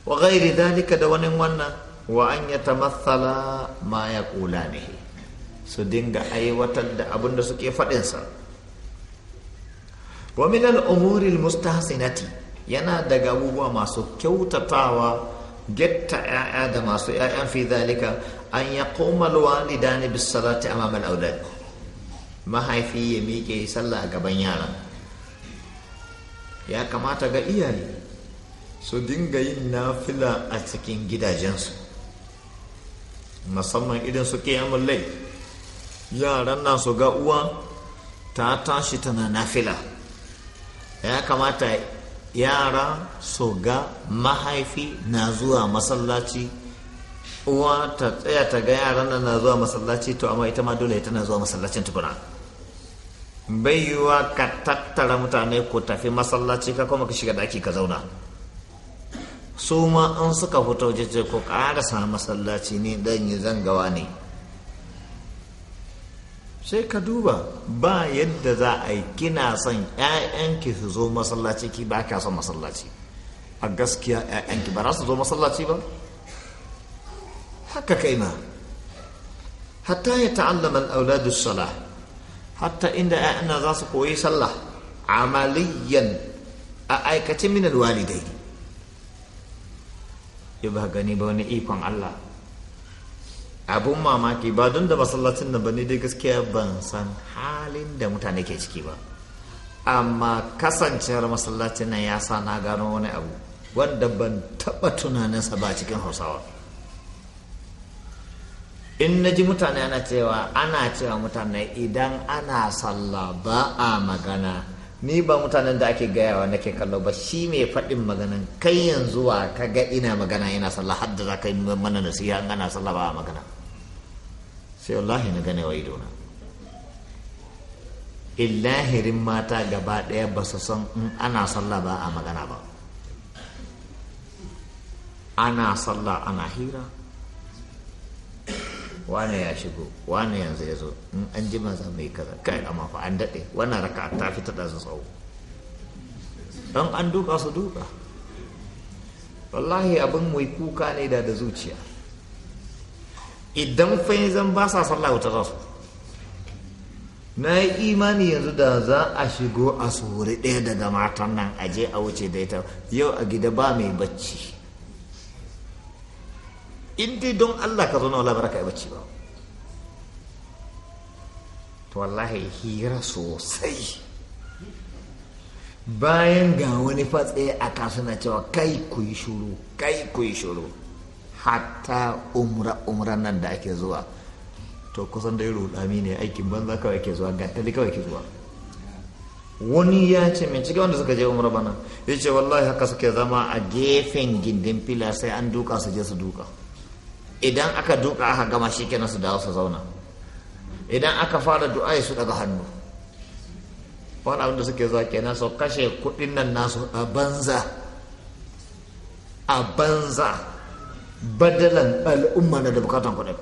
wa gairi dalika da wani wannan wa an ya tamassala ma ya ƙula ne su dinga aiwatar da abin da suke faɗinsa Wamilan umuril mustahsinati yana daga abubuwa masu kyautatawa getta ya'ya da masu ya'yan fi zalika an ya al ni bis salati amama al mahaifi ya miƙe sallah gaban yara ya kamata ga iyaye su dinga yin nafila a cikin gidajensu musamman idan su kiyamun lai yaran nan su ga uwa ta tashi tana nafila ya kamata yara su ga mahaifi na zuwa masallaci uwa ta tsaya ta ga yaran nan na zuwa masallaci to amma ita ma dole ita na zuwa masallacin tukuna bai yiwuwa ka tattara mutane ku tafi masallaci ka kuma ka shiga daki ka zauna su ma an suka fito jeje ko ƙarasa masallaci ne dan yi zangawa ne sai ka duba ba yadda za a yi kina son 'ya'yanki su zo masallaci ki ba ka son masallaci a gaskiya 'ya'yanki ba za su zo masallaci ba haka kai ma hatta ya ta'allama al'auladu salah hatta inda 'ya'yana za su koyi sallah amaliyan a aikace min alwalidai ya ba gani ba wani ikon Allah abun mamaki ba don da masallacin nan ba dai gaskiya ban san halin da mutane ke ciki ba amma kasancewar masallacin nan ya sa na gano wani abu wanda ban taba tunaninsa ba cikin hausawa in na ji mutane ana cewa ana cewa mutane idan ana sallah ba a magana ni ba mutanen da ake gayawa nake kallo ba shi mai faɗin maganan kai yanzu wa ka ga ina magana yana sallah har da za ka yi mana nasiha ana sallah ba a magana sai wallahi na gane wa idona illahirin mata gaba ɗaya ba su san in ana sallah ba a magana ba ana sallah ana hira wane ya shigo wane yanzu ya zo in an ji maza mai kaza kai amma fa an daɗe wannan raka ta fi ta su tsawo don an duka su duka wallahi abin mai kuka ne da da zuciya idan fai zan ba sa sallah wuta za su na yi imani yanzu da za a shigo a tsori ɗaya daga matan nan a je a wuce da ita yau a gida ba mai bacci in dai don allah ka zauna wala baraka ya bacci ba to wallahi hira sosai bayan ga wani fatsaye a na cewa kai ku yi shuru kai ku yi shuru hatta umra umran nan da ake zuwa to kusan da ya rudami ne aikin banza kawai ake zuwa gantali kawai ke zuwa wani ya ce min cikin wanda suka je umra bana ya ce wallahi haka suke zama a gefen gindin fila sai an duka su je su duka idan aka duka aka gama shi kenan su dawo su zauna idan aka fara du'a su daga hannu wani abin da suke zuwa kenan su kashe kudin nan nasu a banza a banza badalan al'umma na da bukatan kuɗin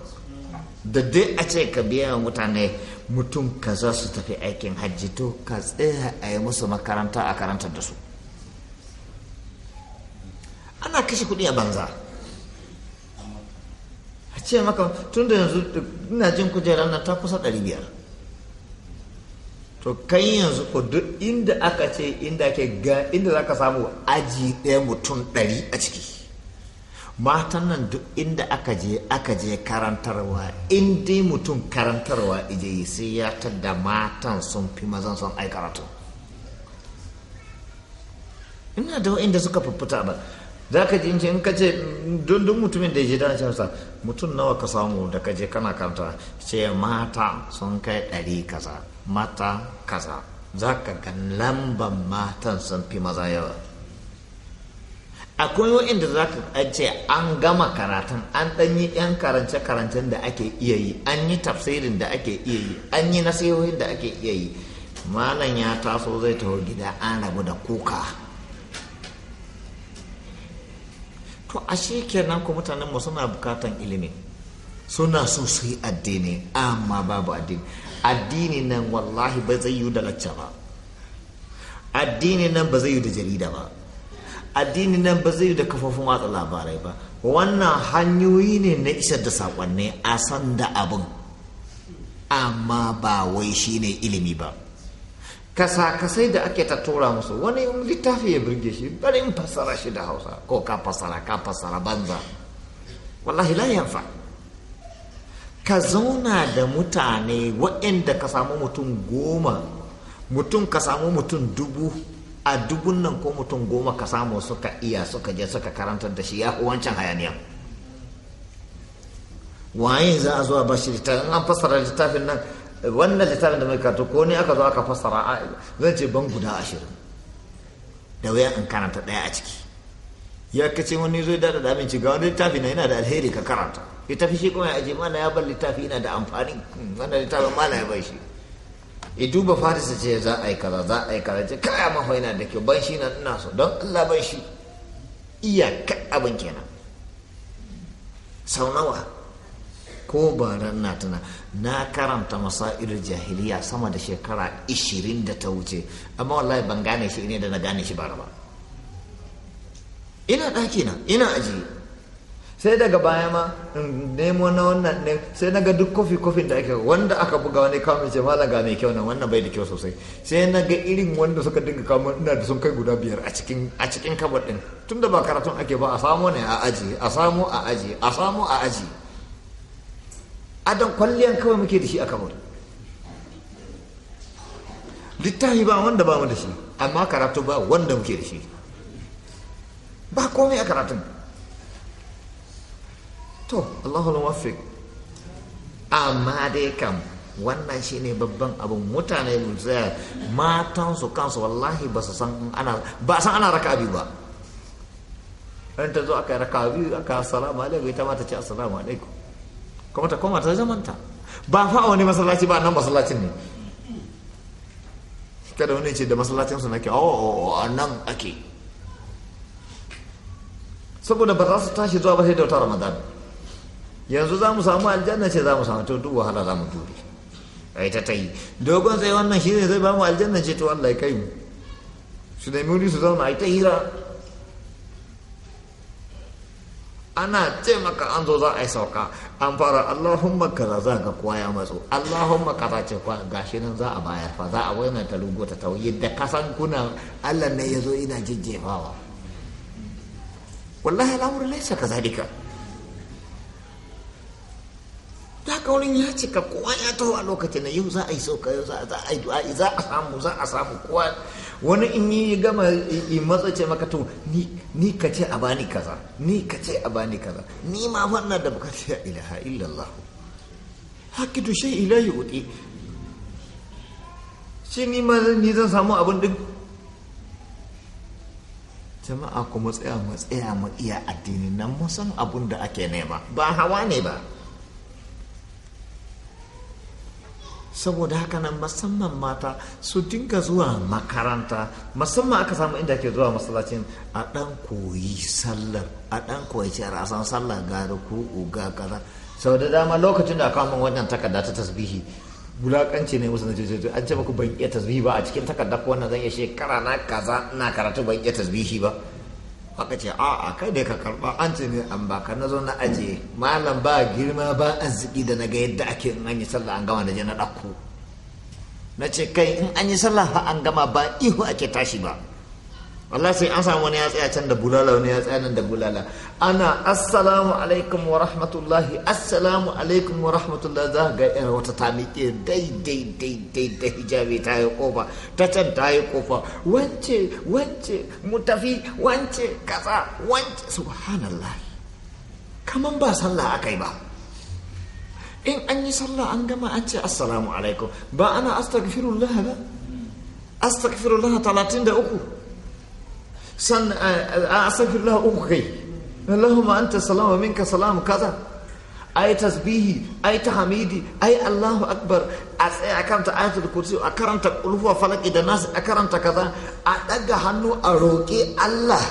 da dai a ce ka biya mutane mutum kaza su tafi aikin hajji to ka tsaya a yi musu makaranta a karantar da su ana kashe kuɗi a banza a ce maka tun da yanzu ina jin kujerar nan ta kusa ɗari biyar to kan yanzu ko duk inda aka ce inda ke ga inda za ka samu aji ɗaya mutum ɗari a ciki matan nan duk inda aka je aka je karantarwa in mutum karantarwa ije sai ya tadda matan sun fi mazan son ai karatu ina da inda suka fuffuta ba za ka ji in ka ce dundun mutumin da ya je da sa mutum nawa ka samu da ka je kana karanta ce mata sun kai ɗari kaza mata kaza za ka ga lamban matan sun fi maza yawa akwai wa'inda za ka ce an gama karatun an ɗan yi 'yan karance-karancen da ake iya yi an yi tafsirin da ake iya yi an yi nasihohin da ake iya yi malam ya taso zai taho gida an rabu da kuka to a shi kenan ku mutanen mu suna bukatan ilimi suna so su yi addini amma babu addini addini nan wallahi ba zai yi da lacca ba addini nan ba zai yi da jarida ba addini nan ba zai da kafofin watsa labarai ba wannan hanyoyi ne na isar da saƙonni a san da abin amma ba wai shi ne ilimi ba kasa-kasai da ake tattura musu wani littafi ya birge shi bari in fassara shi da hausa ko ka fassara ka fassara banza wallahi layan fa ka zauna da mutane waɗanda ka samu mutum goma mutum ka samu mutum dubu a dubun nan ko mutum goma ka samu suka iya suka je suka karanta da shi ya fi wancan hayaniya waye za a zuwa bashi littafin an fassara littafin nan wannan littafin da mai karatu ko ne aka zo aka fassara zan ce ban guda ashirin da wayan an karanta ɗaya a ciki ya kace wani zai da da aminci ga wani littafi na yana da alheri ka karanta littafi shi kuma ya aje mana ya bar littafi yana da amfani wannan littafin mana ya bar shi ya duba farisa ce za a yi kaza za a yi kaza ce a mafa yana da kyau ban shi na ina so don allah ban shi iyaka abin kenan sau nawa ko baran na tuna na karanta masa'ir jahiliya sama da shekara 20 da ta wuce amma wallahi ban gane shi ne da na gane shi bara ba ina ɗaki na ina ajiye sai daga baya ma nemo na wannan ne sai na ga duk kofi kofi da ake wanda aka buga wani kawo ce malam ga mai kyau nan wannan bai da kyau sosai sai na ga irin wanda suka dinga kawo ina da sun kai guda biyar a cikin a cikin kabar din tunda ba karatun ake ba a samu ne a aji a samu a aji a samu a aji adan kwalliyan kawai muke da shi a kabar littafi ba wanda ba mu da shi amma karatu ba wanda muke da shi ba komai a karatun to Allahul muwaffiq amma dai kam wannan shi ne babban abin mutane zai matan su kansu wallahi ba su san ana ba san ana raka biyu ba ran ta zo aka yi raka biyu aka assalamu alaikum ita ma ta ce assalamu alaikum kuma ta koma ta ta ba fa a wani masallaci ba nan masallacin ne kada wani ce da masallacin su nake oh, oh, oh a nan ake saboda ba za su tashi zuwa ba sai da wata ramadan yanzu za mu samu aljanna ce za mu samu to duk wahala za mu jure ai ta tayi dogon sai wannan shi ne zai ba mu aljanna ce to Allah ya kai mu su da muri su zauna ai ta hira ana ce maka an zo za a yi sauka an fara allahumma kaza za ga kowa ya matso allahumma kaza ce kwa gashi nan za a bayar fa za a wainan ta lugo ta tauye da kasan kuna allah ne ya zo ina jijjefawa wallahi al'amur laisa kazalika ta kaurin ya ka kowa ya taho a lokacin na yau za a yi sauka yau za a yi du'a'i za a samu za a samu kowa wani in yi gama in matsa ce maka to ni ka ce a bani kaza ni ka ce a bani kaza ni ma wannan da baka ce ilaha illallah hakitu shay ilahi uti shi ni ma ni zan samu abin duk jama'a kuma tsaya mu tsaya mu iya addinin nan mun san abin da ake nema ba hawa ne ba saboda haka nan musamman mata su dinga zuwa makaranta musamman aka samu inda ke zuwa masallacin a dan koyi sallar a dan koyi ce a san sallar ga ku uga kaza sau da dama lokacin da aka min wannan takarda ta tasbihi bulakanci ne musu na jujjuju an ce ku ban iya tasbihi ba a cikin takarda ko wannan zan iya shekara na kaza na karatu ban iya tasbihi ba aka ce a a kai da ka karba an ce ne an baka na zo na aje malam ba girma ba arziki da na ga yadda ake in an yi sallah an gama da je na ɗauko na ce kai in an yi sallah an gama ba ihu ake tashi ba Allah sai an samu wani ya tsaya can da bulala wani ya tsaya nan da bulala ana assalamu alaikum wa rahmatullahi assalamu alaikum wa rahmatullahi za ga yan eh, wata ta miƙe daidai daidai da hijabi ta yi kofa ta can ta yi kofa wance wance mu tafi wance kaza wance subhanallah kaman ba sallah akai ba in an yi sallah an gama an ce assalamu alaikum ba ana astaghfirullah ba astaghfirullah 33 san a eh, eh, asafirullah uku kai Allahumma anta salama minka salamu kaza ai tasbihi ai tahmidi ai Allahu akbar a tsaya a karanta ayatul kursi a karanta ulhuwa falaki da nas a karanta kaza a daga hannu a roƙi Allah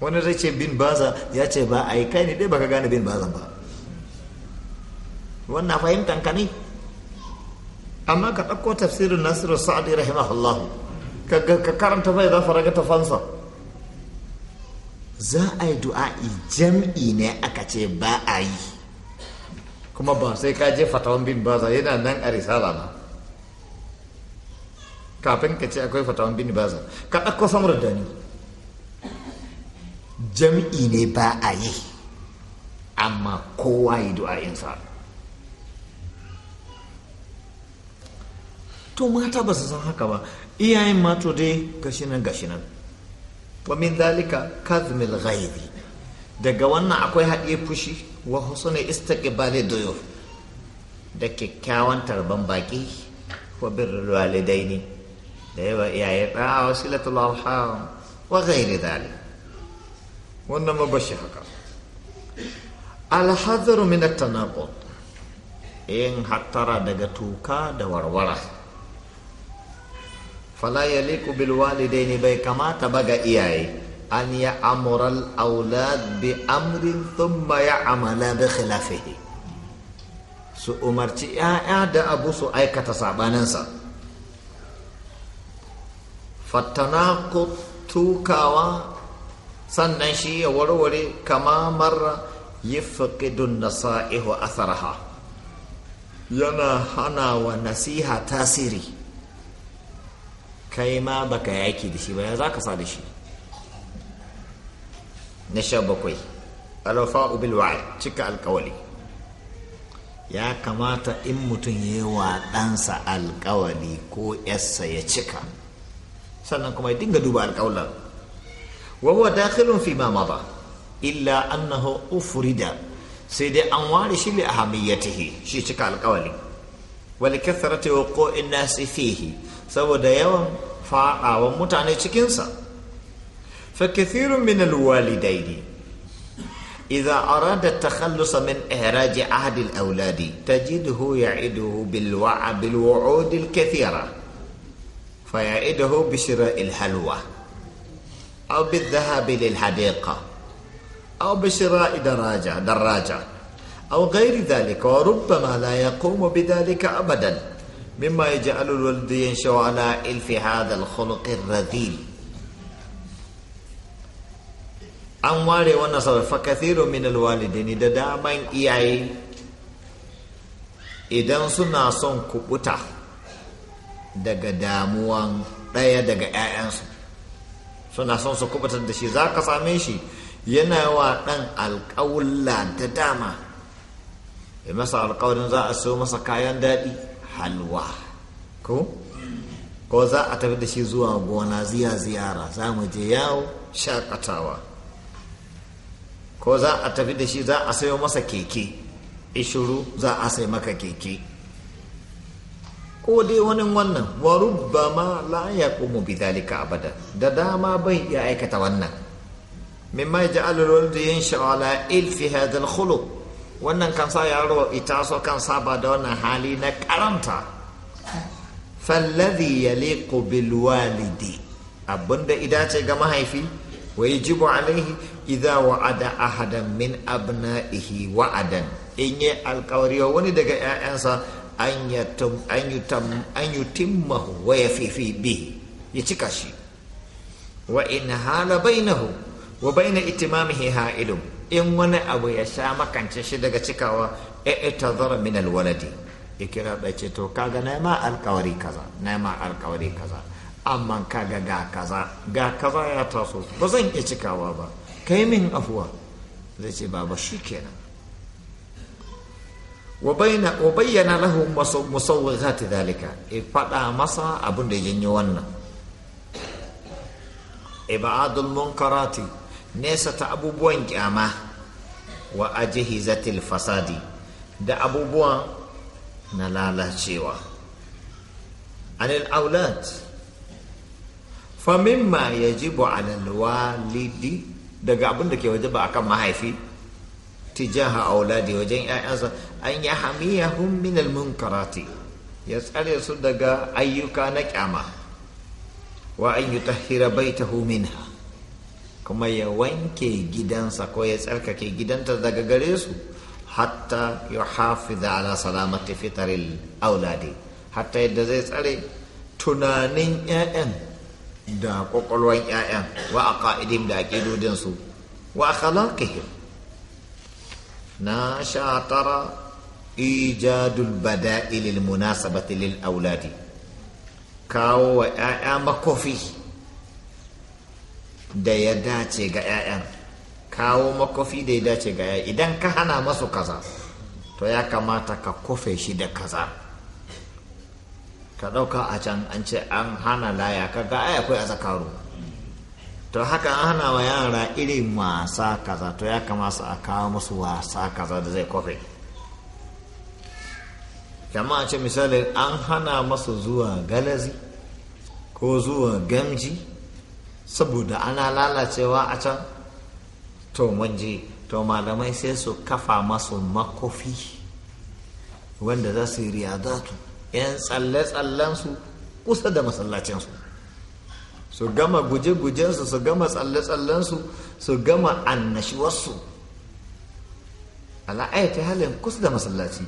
wani zai ce bin baza ya ce ba a kai ne dai baka gane bin baza ba wannan fahimtanka ne amma ka ɗauko tafsirin nasiru sa'adi rahimahullahu ka karanta bai za faraga ta fansa za a yi du'a'i jam'i ne aka ce ba a yi kuma ba sai ka je fatawan bin baza yana nan a risala ba kafin ka ce akwai fatawan bin baza ka ɗauko samar da ni jam'i ne ba a yi amma kowa yi du'a'insa to mata ba su san haka ba iyayen mato dai gashi nan gashi wa min dalika kazmil ghaibi daga wannan akwai haɗe fushi wa husnul istiqbali duyuf da kyakkyawan tarban baki wa birrul walidaini da yawa iyaye da ah, wasilatul arham wa ghairi dhalik wannan ma bashi haka alhadharu min at-tanaqud in hattara daga tuka da warwara fala yaliku bil walidaini bai kamata ba ga iyaye an ya amural aulad bi amrin thumma ya amala bi khilafihi su umarci ‘ya'ya da abu su aikata sabaninsa fattana ku tukawa sannan shi ya warware kama marra yi faƙidun nasa'ihu asarha yana hana wa nasiha tasiri kai ma baka yaki da shi ba ya za ka sa da shi na sha bakwai alwafa'u bil cika alkawali ya kamata in mutum ya yi wa ɗansa alkawali ko yarsa ya cika sannan kuma ya dinga duba alkawalan wa huwa dakhilun fi ma ba? illa annahu ufrida sai dai an ware shi a ahamiyatihi shi cika alkawali wal kathrati wuqu'in nasi fihi saboda yawan faɗawan mutane cikinsa fa kathirun min إذا أراد التخلص من إحراج أحد الأولاد تجده يعده بالوع بالوعود الكثيرة فيعده بشراء الحلوى أو بالذهاب للحديقة أو بشراء دراجة دراجة أو غير ذلك وربما لا يقوم بذلك أبدا مما يجعل الولد ينشأ على إلف هذا الخلق الرذيل an ware wannan sabar fakathiru min da daman iyaye idan suna son kubuta daga damuwan ɗaya daga 'ya'yansu suna son su kubutar da shi za ka same shi yana wa ɗan alƙawulla da dama ya masa alƙawarin za a siyo masa kayan daɗi halwa ko ko za a tafi da shi zuwa gona ziya ziyara za mu je yawo shakatawa ko za a tafi da shi za a sayo masa keke ishuru za a sai maka keke ko dai wani wannan ma la'ayya la bi bidhalika abada da dama bai iya aikata wannan mimma yaj'alu al yin yin ala ilfi hadal khuluq wannan kan sa yaro ita so kan saba da wannan hali na karanta fallazi yaliqu bil walidi abinda ida ce ga mahaifi wa yajibu alaihi idza wa'ada ahadan min abna'ihi wa'adan in yi alkawari wani daga 'ya'yansa an yatum an yutam an yutimmahu wa yafifi bihi ya cika shi wa in hala bainahu wa baina itimamihi ha'ilun in wani abu ya sha makance shi daga cikawa ita e, e, zara min alwaladi ya kira ɗaya ce to kaga na ma alkawari kaza na ma alkawari kaza amma kaga ga kaza ga kaza ya taso ba zan iya cikawa ba kai min afuwa zai ce baba shi kenan wa bayyana lahu musawwighati dalika? e fada masa abin da janyo wannan ibadul munkarati nesa ta abubuwan kyama wa ajihi zatil fasadi da abubuwan na lalacewa anil ma famimma ji alal walidi daga abin da ke waje wajaba kan mahaifi tijaha auladi wajen 'ya'yansa an ya hamiyahum min munkarati ya tsare su daga ayyuka na kyama wa an bai baitahu minha kuma ya wanke gidansa ko ya tsarkake gidanta daga gare su hatta ya hafiza ala salamati fitaril aulade hatta yadda zai tsare tunanin 'ya'yan da kwakwalwan 'ya'yan wa a ka'idin da su. wa a khalaqihim na sha tara ijadul bada'ilil munasabati lil auladi kawo wa 'ya'ya makofi da ya dace ga 'ya'yan kawo makofi da ya dace ga 'ya'yan idan ka hana masu kaza to ya kamata ka kofe shi da kaza ka ɗauka a can an ce an hana laya ka ga 'aya kai a zakaru to haka an hana wa yara irin wasa kaza to ya kamata a kawo masu wasa kaza da zai kofe jama'a ce misali an hana masu zuwa galazi ko zuwa gamji saboda ana lalacewa a can to mun to malamai sai su kafa masu makofi wanda za su yi riyadatu 'yan tsalle-tsallensu kusa da masallacinsu su gama guje-gujensu su gama tsalle-tsallensu su gama annashiwarsu ala'ayyata halin kusa da masallaci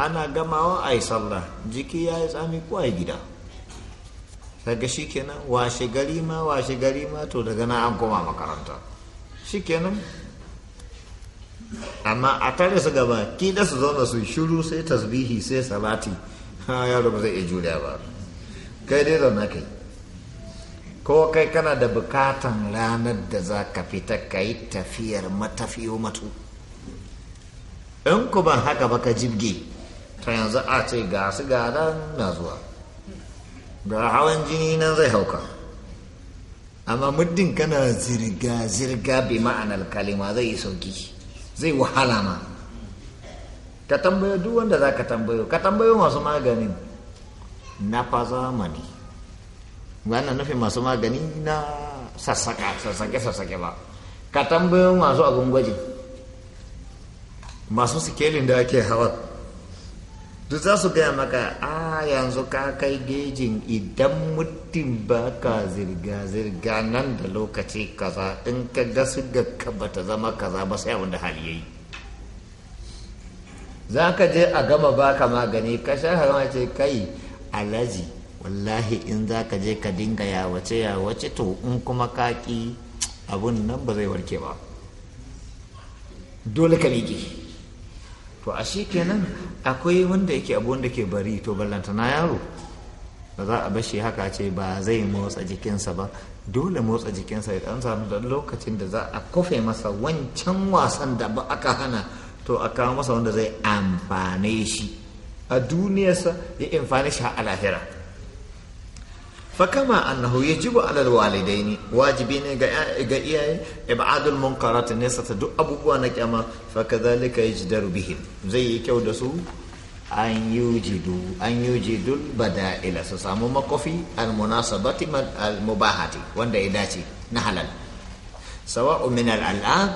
ana gamawa a yi sallah jiki ya yi tsami ko a yi gida daga shi kenan washe gari ma washe gari ma to daga na an koma makaranta shikenan amma a tare su gaba ki da su zauna su shiru sai tasbihi sai salati ha yaro rubu zai iya juriya ba kai dai zauna kai ko kai kana da bukatan ranar da za ka fita ka yi tafiyar matafiyo matu in ku ban haka ba ka jibge ta yanzu a ce ga su na zuwa ga hawan jini nan zai hauka amma muddin kana zirga-zirga bi ma'anar kalima zai yi sauki zai wahala ma ka tambayo duk wanda za ka tambayo ka tambayo masu maganin na fa zamani wannan nufin masu magani na sassaka sassake-sassake ba ka tambayo masu abin gwaji masu sikelin da ake hawa duk za su gaya maka a yanzu ka kai gejin idan mutum ba ka zirga-zirga nan da lokaci kaza in ka ga sigar ka bata zama kaza ba sai abin da hali yayi za ka je a gama baka magani ka sha harama ce kai alaji wallahi in za ka je ka dinga yawace yawace to in kuma kaki abun nan ba zai warke ba dole ka liƙe to a shi kenan akwai wanda yake abu wanda ke bari to ballanta na yaro ba za a bashi haka ce ba zai motsa jikinsa ba dole motsa jikinsa ya dan samu da lokacin da za a kofe masa wancan wasan da ba aka hana to a kawo masa wanda zai amfane shi a duniyarsa ya amfane shi a lahira fakama annahu yajibu alal walidaini wajibi ne ga iyaye ibadul munkarati nesa ta duk abubuwa na kyama fakadhalika yajdaru bihim zai yi kyau da su an yujidu an yujidu bada'ila su samu makofi almunasabati almubahati wanda ya dace na halal sawa'u min al'al'ab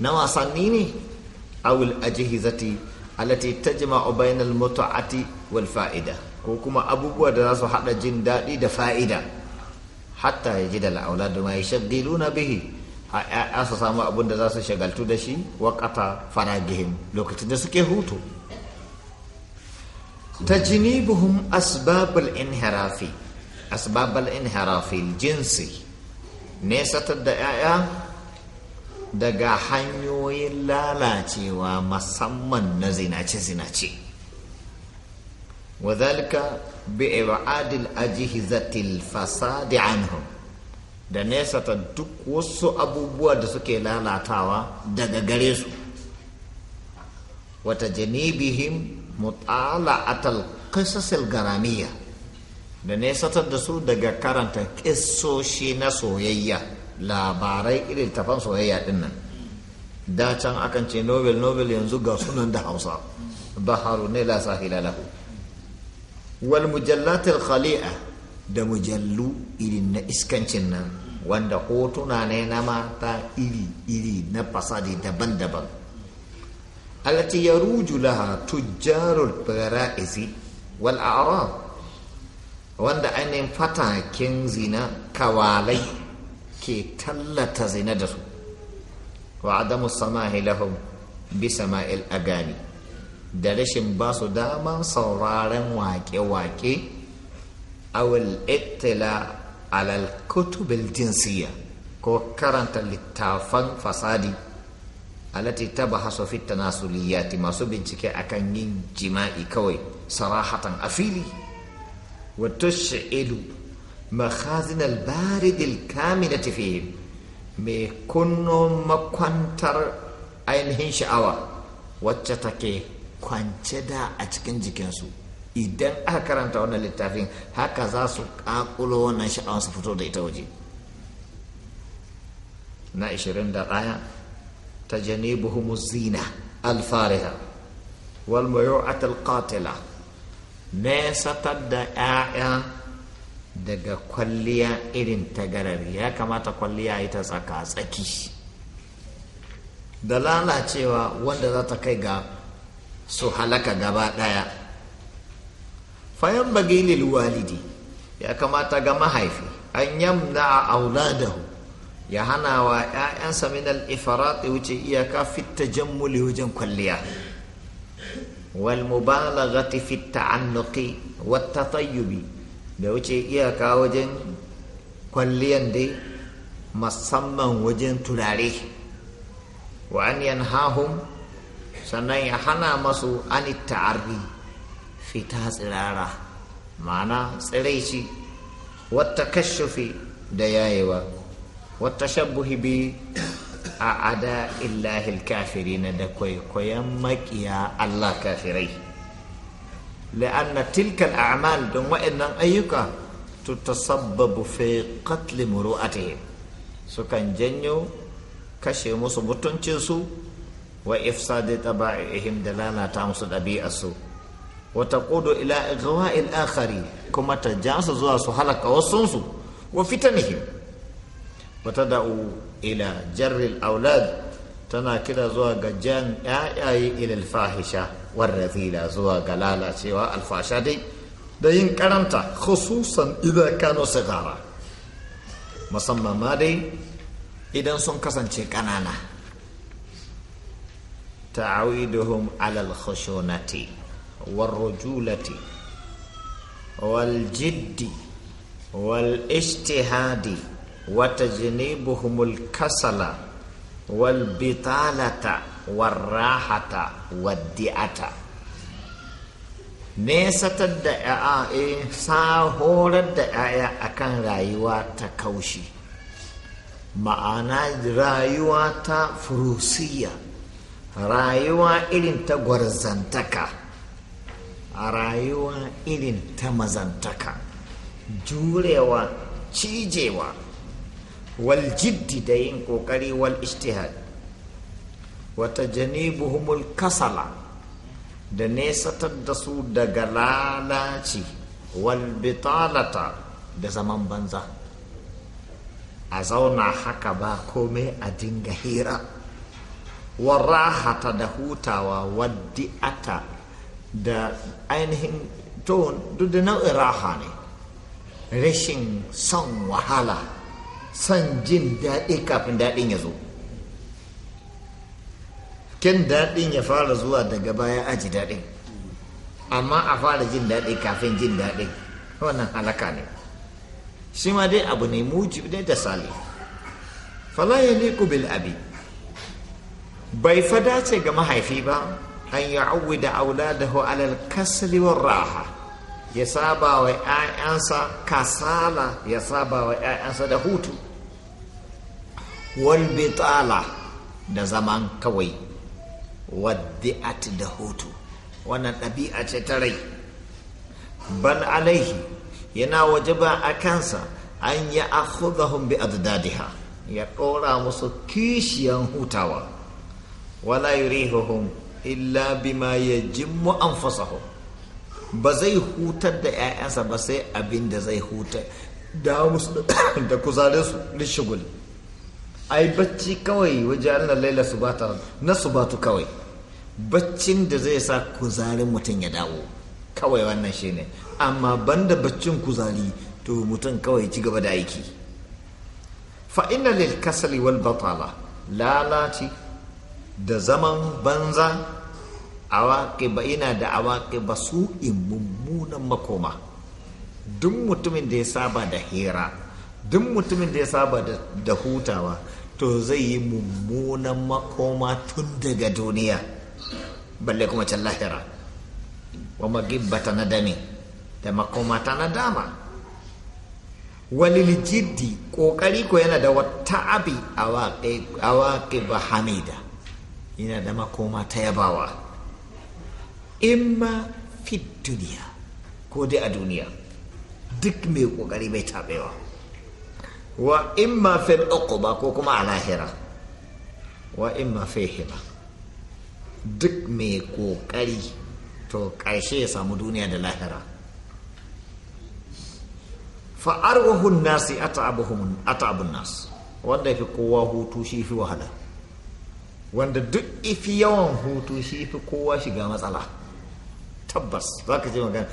na wasanni ne aw al-ajhizati allati tajma'u bayna al-mut'ati wal fa'ida ko kuma abubuwa da za su haɗa jin daɗi da fa'ida hatta ya ji da la'aula da mai na bihi a ‘ya'ya su samu abin da za su shagaltu da shi waƙata faragihim lokacin da suke hutu ta jini buhum asbabul inhirafi asbabul inhirafi jinsi nesatar da ‘ya'ya daga hanyoyin lalacewa musamman na zinace-zinace وذلك بإبعاد الأجهزة الفساد عنهم da nesa ta duk wasu abubuwa da suke lalatawa daga gare su wata janibihim mutala'atal qisasil garamiya da nesatar da su daga karanta kissoshi na soyayya labarai irin tafan soyayya dinnan da can akan ce nobel nobel yanzu ga sunan da hausa baharu ne la sahila lahu wal mujallatul khali'a da mujallu irin na iskancin nan wanda hotuna ne na mata iri-iri na fasadi daban-daban alati ya ruju laha tujjarul fara'izi wal a'rab wanda ainihin fatakin zina kawalai ke tallata zina da su wa adamu samahi lahum bi sama'il agani da rashin ba su daman sauraren wake-wake awal ittila alal kutubil jinsiya ko karanta littafan fasadi alati ta ba haso fit masu bincike akan yin jima'i kawai sarahatan a fili wa tushi'ilu makhazin albaridil kamila tafihim mai kunno makwantar ainihin sha'awa wacce take kwance da a cikin jikinsu idan aka karanta wannan littafin haka za su kakulo wannan sha'awar su fito da ita waje na 21 ta buhumu zina alfariha wal muyu'at alqatila nesatar da 'ya'ya daga kwalliya irin tagarar ya kamata kwalliya ita tsaka tsaki da lalacewa wanda za ta kai ga su halaka gaba ɗaya fayan bagilil walidi ya kamata ga mahaifi an yamna a auladahu ya hana wa 'ya'yansa min al-ifarat wuce iyaka fitta jammuli wajen kwalliya wal mubalaghati fi ta'annuqi wa tatayyubi da wuce iyaka wajen kwalliyan dai musamman wajen turare wa an yanhahum sannan ya hana masu anitta'arri fita tsirara ma'ana tsiraici wata kashufi da yayewa wata shabuhi bi a ada illahil kafiri na da kwaikwayon makiya Allah kafirai la'anna tilkal a'mal don wa'annan ayyuka tutasabbabu fi qatl muru'atihim sukan janyo kashe musu mutuncinsu wa ifsadi taba'ihim da lalata musu su wa taqudu ila ighwa'il akhari kuma ta jasa zuwa su halaka wasunsu wa fitanihim wa tada'u ila jarril aulad tana kira zuwa ga jan yayaye ila alfahisha war zuwa ga lalacewa alfasha dai da yin karanta khususan idan kano sigara musamman ma dai idan sun kasance ƙanana تعويدهم على الخشونة والرجولة والجد والاجتهاد وتجنيبهم الكسل والبطالة والراحة والدئة نيسة da ساهور sa أكان رايوة تكوشي akan رايوة فروسية rayuwa irin ta gwarzantaka a rayuwa irin ta mazantaka jurewa cijewa wal jiddi da yin kokari wal ijtihad wata janibuhumul kasala da nesatar da su daga lalaci wal bitalata da zaman banza a zauna haka ba komai a dinga hira warahata da hutawa waddi'ata da ainihin to duk da nau'in raha ne rashin son wahala son jin daɗi kafin daɗin ya zo kin daɗin ya fara zuwa daga baya aji daɗin amma a fara jin daɗi kafin jin daɗin wannan halaka ne shi ma dai abu ne mujib ne da sali fala ya liku bil abi bai fa dace ga mahaifi ba an yi da aula da kasli kasaliwar raha ya saba wa 'ya'yansa kasala ya saba wa 'ya'yansa da hutu wal bitala da zaman kawai waddi'at da hutu wannan ɗabi'a ce ta rai bal alaihi yana waje ba a kansa an yi bi adadadiha ya ɗora musu kishiyan hutawa wala yurihuhum illa bima yajimmu anfusahum ba zai hutar da 'ya'yansa ba sai abin da zai hutar da musu da kuzarin su lishigul ai bacci kawai wajen allah laila su bata na su batu kawai baccin da zai sa kuzarin mutum ya dawo kawai wannan shine amma banda baccin kuzari to mutum kawai ci gaba da aiki fa'ina lil kasali wal batala lalaci da zaman banza waƙe ba ina da waƙe ba su in mummunan makoma duk mutumin da ya saba da hira duk mutumin da ya saba da hutawa to zai yi mummunan makoma tun daga duniya balle kuma can lahira wa magibbata na dame da makoma ta na dama walil jiddi ƙoƙari ko yana da wata abi waƙe ba hamida yana da makoma ta yabawa ma fit duniya ko dai a duniya duk mai kokari bai tabewa wa in imma fil ba ko kuma a lahira wa in imma fihima duk mai kokari to ƙarshe ya samu duniya da lahira fa'arwahun nasi ta'abun nasu. wanda fi kowa hutu shi fi wahala wanda duk ifi yawan hutu shi fi kowa shiga matsala tabbas za ka ce magana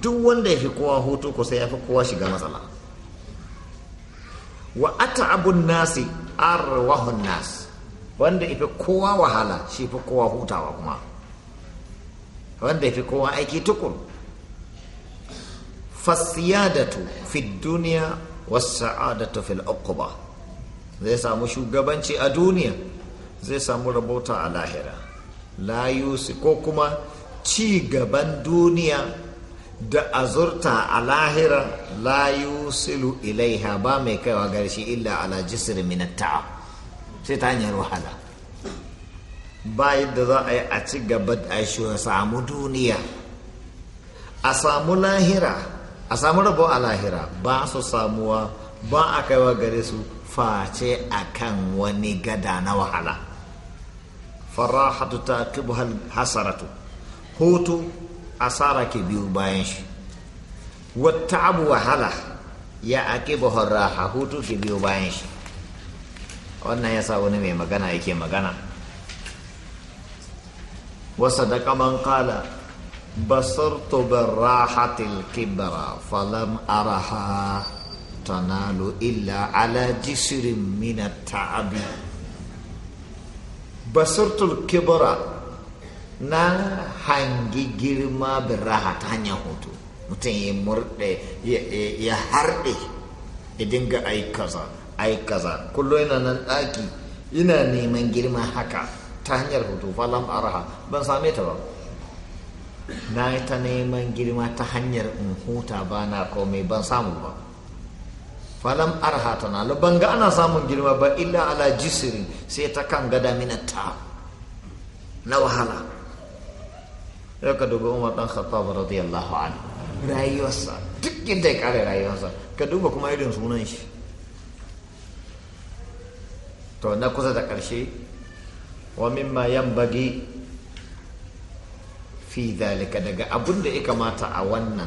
duk wanda ya fi kowa hutu ko sai ya fi kowa shiga matsala wa ata abun nasi arwahun nas wanda ifi kowa wahala shi fi kowa hutawa kuma wanda ifi kowa aiki tukur fasiyadatu fi duniya wasu sa'adatu fil uquba zai samu shugabanci a duniya zai samu rabota a lahira layusi ko kuma ci gaban duniya da azurta a lahira layusilu ilaiha ba mai kaiwa garshi illa ala jisir minatta sai ta hanyar wahala ba yadda za a yi a ci gaba da shi samu duniya a samu lahira a samu rabo a lahira ba su samuwa ba a kaiwa gare su face a kan wani gada na wahala farahatu taqibuha hasaratu hutu asara ke biyu bayan shi wata abu wahala ya aqibuha raha hutu ke biyu bayan shi wannan yasa wani mai magana yake magana wa da kaman kala basartu birrahatil kibra falam araha tanalu illa ala jisirin min ta'abi basirtul kibara na hangi girma biraha ta hanyar hoto mutum ya murɗe ya harɗe ya dinga ai kaza kaza kullum yana nan ɗaki ina neman girma haka ta hanyar hoto falam araha ban same ta ba na yi ta neman girma ta hanyar in huta ba na komai ban samu ba falam arhatana lo banga ana samun girma ba illa ala jisirin sai ta kan gada minatta na wahala ya ka duba umar dan khattab radiyallahu an rayuwarsa duk yadda ya kare rayuwarsa ka duba kuma irin sunan shi to na kusa da karshe wa mimma yanbaghi fi dalika daga abun da ya kamata a wannan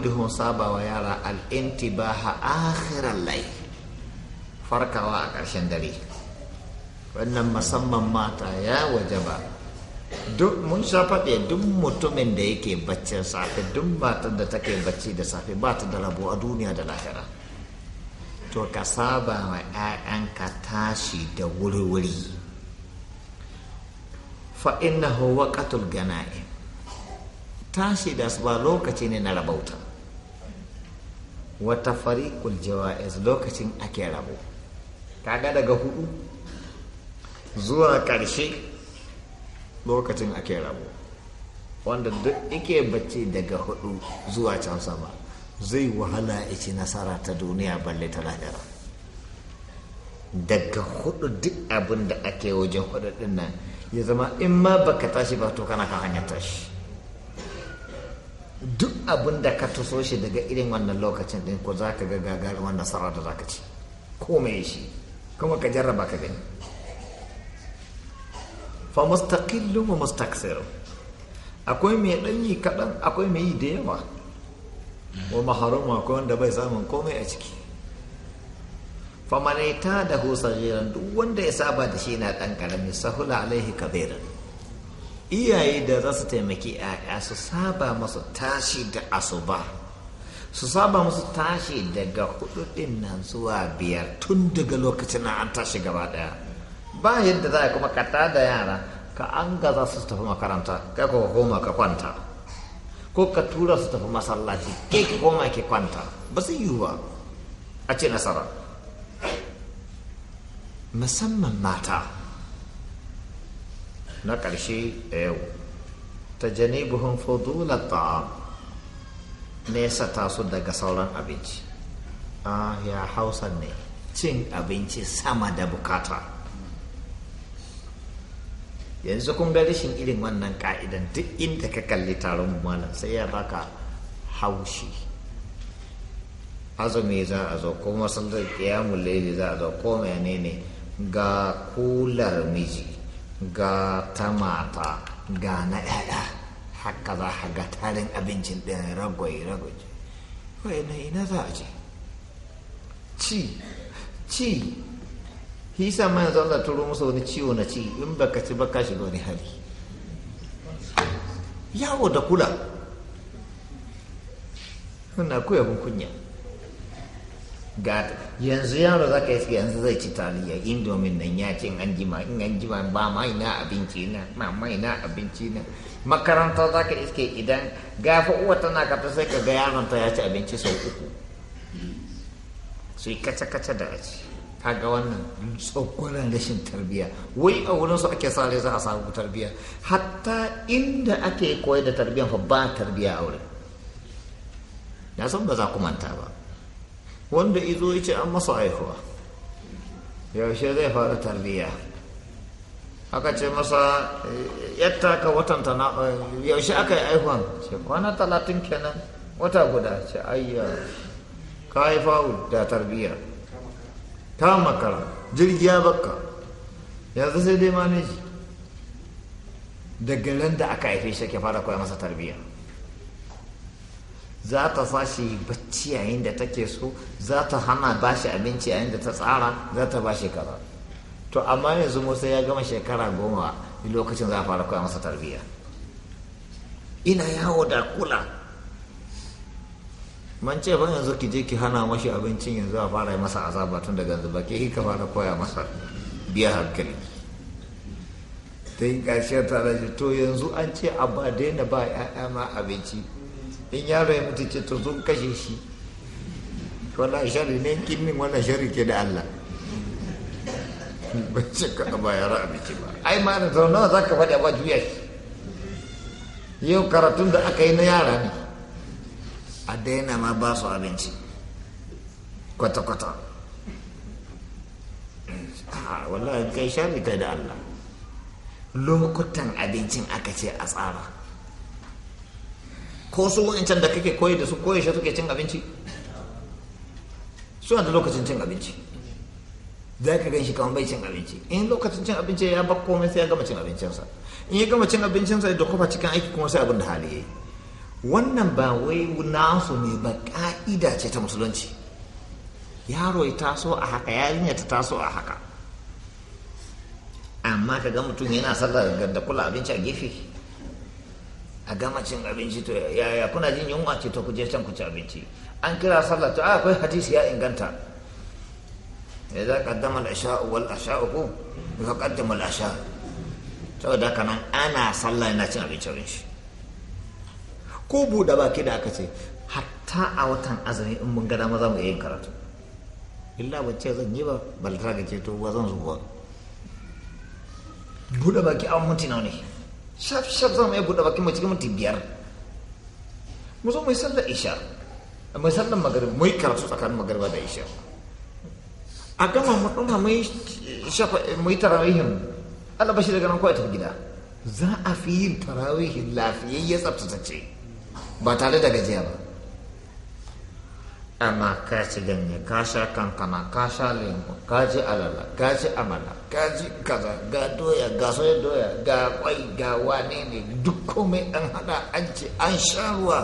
duhun sabawa yara al'intibaha akhiran lai farkawa a ƙarshen dare wannan musamman mata ya waje ba. mun sha faɗe duk mutumin da yake baccin safe duk matar da take bacci da safe ba ta da rabo a duniya da lahira to ka saba wa 'ya'yanka tashi da wuri-wuri fa'innahu waqatul gana'in. tashi da su ba lokaci ne na rabauta wata fariƙul jawa'iz lokacin ake rabo kaga daga hudu zuwa ƙarshe lokacin ake rabo wanda duk ike bacci daga hudu zuwa can sama zai wahala ya nasara ta duniya balle ta lahira daga hudu duk abin da ake wajen hudu din nan ya zama in ma baka tashi ba to kana kan hanyar tashi duk abin da ka taso shi daga irin wannan lokacin din ko za ka ga gagarumar nasara da za ka ci ko mai shi kuma ka jarraba ka gani fa mustaqillu wa mustaksir akwai mai danyi kaɗan akwai mai yi da yawa wa maharuma akwai wanda bai samun komai a ciki fa manaita da husa duk wanda ya saba da shi na ɗan karami sahula alaihi kabiran iyaye da za su taimaki 'ya'ya su saba masu tashi da asuba su saba masu tashi daga hudu din nan zuwa biyar tun daga lokacin an tashi gaba daya ba yadda za a kuma kata da yara ka an gaza su tafi makaranta kai ka koma ka kwanta ko ka tura su tafi masallaci kai ka koma ke kwanta ba su yiwu ba a ce nasara musamman mata na ƙarshe a yau eh, ta buhun fudular ta. nesa taso daga sauran abinci ah ya hausa ne cin abinci sama da bukata yanzu kun ga rashin irin wannan ka'idan duk inda ka kalli taron malam sai ya baka haushi azumi za a zo ko masallar kiyamun za a zo ko ne-ne ga kular miji ga ta mata ga na yaya haka za a ga tarin abincin ɗin ragwai ragwai wai na ina za a ce ci ci hisa ma yanzu Allah musu wani ciwo na ci in baka ci baka shiga wani hali yawo da kula kuna akwai abin kunya ga yanzu yaro za ka yi yanzu zai ci taliya indomin nan ya ce an jima in an jima ba mai na abinci na ma mai na abinci na makaranta za ka iske idan gafa uwa tana kafa sai ka ga yaron ta ya ci abinci sau uku sai kaca kaca da aci ga wannan tsokonan rashin tarbiyya wai a wurin su ake sare za a samu tarbiyya hatta inda ake koyar da tarbiyya fa ba tarbiya a wurin na san ba za ku manta ba wanda izo ya ce an masa haihuwa yaushe zai fara tarbiyya aka ce masa yatta ka watan yaushe aka yi haihuwan ce kwana talatin kenan wata guda ce ayya ka haifa da tarbiyya ta makara jirgiya bakka yanzu sai dai maneji daga ran da aka haife shi ke fara koya masa tarbiyya za ta sa shi bacci yayin da take so za ta hana ba shi abinci yayin da ta tsara za ta ba shekara. to amma yanzu musa ya gama shekara goma lokacin za a fara koya masa tarbiyya ina yawo da kula man ce ban yanzu ki je ki hana mashi abincin yanzu a fara masa azaba tun daga yanzu ba ke ka fara koya masa biya hankali ta yi ƙarshen ta to yanzu an ce a ba daina ba 'ya'ya ma abinci in yaro ya mutu ce to sun kashe shi wannan shari ne kin min wannan shari ke da Allah ban ce ka ba ya ra'a abinci ba ai ma na zo nawa zaka faɗi ba juya shi yau karatun da aka yi na yara ne a daina ma ba su abinci kwata-kwata wallahi kai shari kai da Allah lokutan abincin aka ce a tsara ko su wancan da kake koyi da su koyi shi suke cin abinci suna da lokacin cin abinci za ka gan shi kamar bai cin abinci in lokacin cin abinci ya ba komai sai ya gama cin abincinsa in ya gama cin abincinsa da kofa cikin aiki kuma sai abin da hali ya wannan ba wai nasu ne ba ka'ida ce ta musulunci yaro ya taso a haka yarinya ta taso a haka amma ka ga mutum yana sallar da kula abinci a gefe a gama cin abinci to yaya kuna jin yunwa ce to ku je can ku ci abinci an kira sallah to ah, akwai hadisi ya inganta ya za ka dama ashau wal asha'u uku ka kaddama al To da haka nan ana sallah yana cin abinci abinci ko buɗe baki da aka ce hatta a watan azumi in mun gada maza mu yin karatu illa ba ce zan yi ba balta ga ceto ba zan zuwa buɗe baki an mutuna ne shaf shaf za mu iya buɗe bakin mu cikin minti biyar mu zo mu sallar isha mai yi sallar magarib mu karatu tsakanin magariba da isha a gama mu ɗora mu shafa mu tarawihin Allah bashi daga nan kawai tafi gida za a fi yin tarawihin lafiyayye tsaftatacce ba tare da gajiya ba amma ka ci ganye ka sha kankana ka sha lemu ka ci alala ka ci amala ka ci kaza ga doya ga soya doya ga kwai ga wane ne duk komai an hada an ci an sha ruwa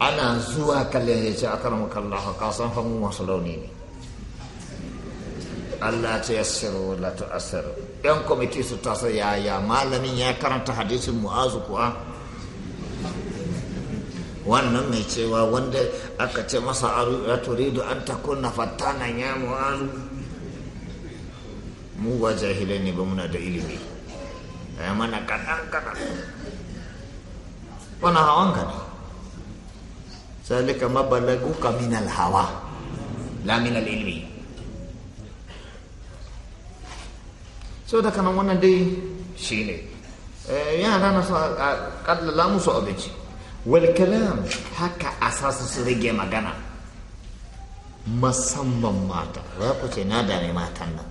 ana zuwa kallon ya ce aka ramu ka san famu masu launi ne Allah ce ya siru la tu'assiru yan kwamiti su tasa yaya malamin ya karanta hadisin mu'azu kuwa wannan mai cewa wanda aka ce masa aru ya turidu an takuna fattanan ya mu'alu mu ba jahilai ne ba muna da ilimi ya mana kaɗan kaɗan wani hawan ka ne zalika ka minal hawa la minal ilimi so da kanan wannan dai ne eh, yana na sa kallala musu abinci walkalam haka a sasu su rage magana musamman mata za ku ce na da ne matan nan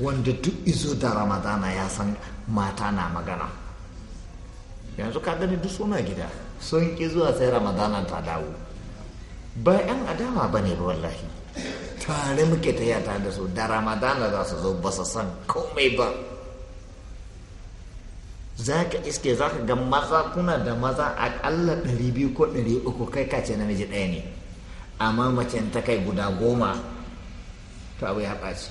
wanda duk izo da ramadana ya san mata na magana yanzu ka gani duk suna gida sun ki zuwa sai ramadana ta dawo ba yan adama ba ne wallahi tare muke ta yata da su da ramadana za su zo ba su san komai ba za ka iske za ka ga maza kuna da maza akalla ɗari biyu ko ɗari uku kai kace namiji ɗaya ne amma mace ta kai guda goma to abu ya ɓaci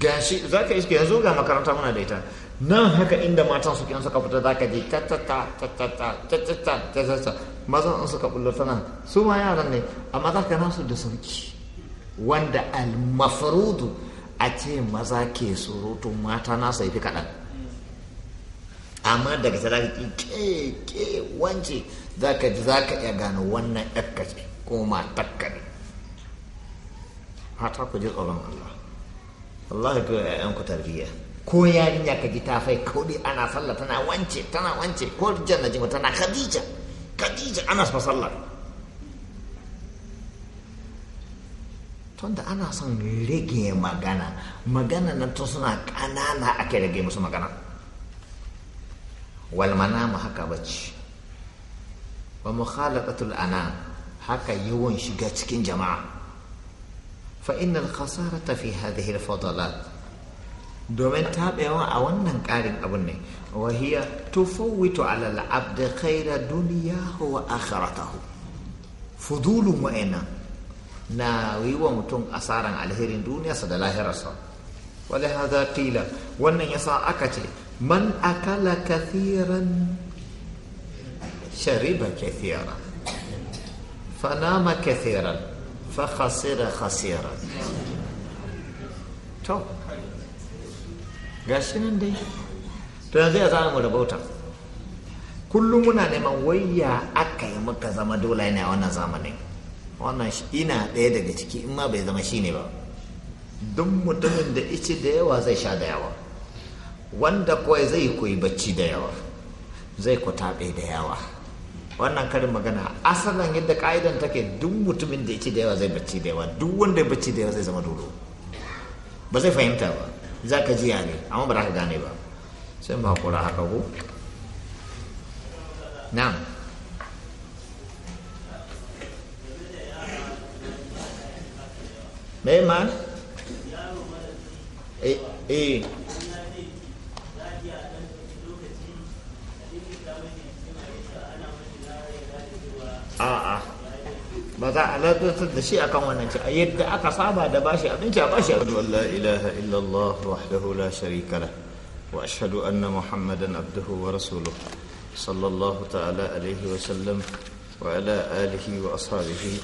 gashi za ka iske yanzu ga makaranta muna da ita nan haka inda matan suke kiran suka fita za ka je ta ta ta ta ta ta ta ta ta ta ta mazan in suka bullo tana su ma yaran ne amma za ka nasu da sauki wanda almafarudu a ce maza ke surutu mata na yi fi kaɗan amma daga sadaki ke ke wance za ka ji za ka iya gano wannan yakka ce ko matakka ne hata ku ji tsoron Allah Allah ya koya yayan ku tarbiyya ko yarinya ka ji ta fai kaudi ana sallah tana wance tana wance ko janna jima tana khadija khadija ana fa sallah tunda ana son rage magana magana nan to suna ƙanana ake rage musu magana Walmana manama haka bacci wa mukhalatatul anam haka yawan shiga cikin jama'a fa innal khasarata fi hadhihi al fadalat domin taɓewa a wannan ƙarin abun ne wahiya hiya tufawwitu ala al abd khayra dunyahu wa akhiratahu fudulun wa na yi wa mutum asaran alherin duniyarsa da lahirarsa wale hada tila wannan yasa aka ce Man akala kathiran Syariba kathiran Fanama kathiran Fakhasira khasiran To gasi nan dai Tuna zai zama mu da bautan Kullum muna neman waya aka yi muka zama dole ne a wannan zamanin wannan ina ɗaya daga ciki in ma bai zama shi ne ba duk mutumin da ici da yawa zai sha da wanda kawai zai koyi bacci da yawa zai kwataɓe da yawa wannan karin magana asalin yadda ka'idan take duk mutumin da ya ci da yawa zai bacci da yawa duk wanda ya bacci da yawa zai zama dodo ba zai fahimta ba za ka ji ne amma ba za ka gane ba sai mu kura haka ko na'am me ma eh, eh. a'a ba za a ladatar da shi akan wannan ci a yadda aka saba da bashi abinci a bashi abinci wallahi ilaha illallah wahdahu la sharika la wa ashhadu anna muhammadan abduhu wa rasuluh sallallahu ta'ala alaihi wa sallam wa ala alihi wa ashabihi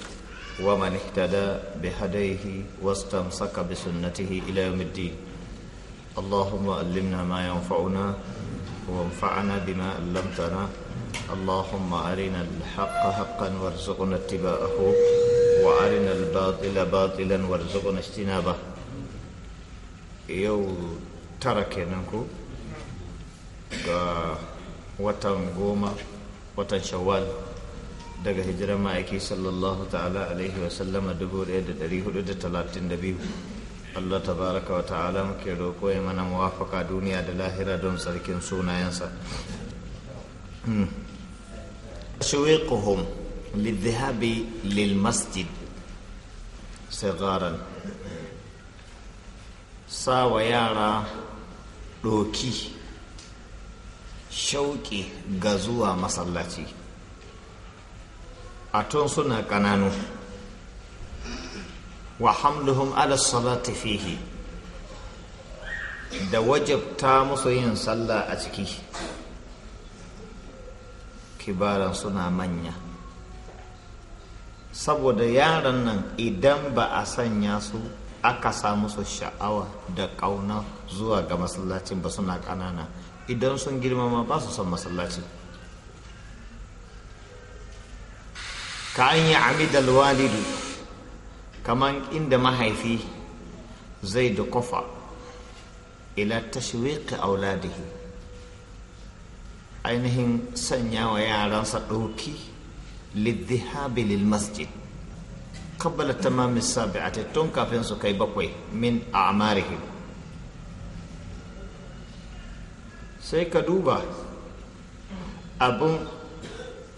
wa man ihtada bi hadayhi wastamsaka bi sunnatihi ila yawm الدين اللهم علمنا ما ينفعنا وانفعنا بما علمتنا اللهم أرنا الحق حقا وارزقنا اتباعه وأرنا الباطل باطلا وارزقنا اجتنابه يو ترك ننكو watan goma watan shawwal daga hijirar ma'aiki sallallahu ta'ala alaihi wa sallama dubu da ɗari hudu da talatin da biyu Allah wa ta'ala muke roƙo ya mana muwafaka duniya da lahira don sarkin sunayensa تشويقهم للذهاب للمسجد صغارا wa yara ɗoki shauƙi ga zuwa masallaci a tun suna ƙananu wa hamluhum ala salati fihi da wajabta masu yin sallah a ciki kibaran suna manya saboda yaran nan idan ba a sanya su aka samu su sha'awa da ƙauna zuwa ga masallacin ba suna ƙanana idan sun girmama ba su son masallaci ka an yi amidal walidu kamar inda mahaifi zai da kofa ila tashwiqi auladihi ainihin sanya wa yaransa ɗauki lidhihabi lil masjid qabla tamam sabiati tun kafin su kai bakwai min a'marihim sai ka duba abun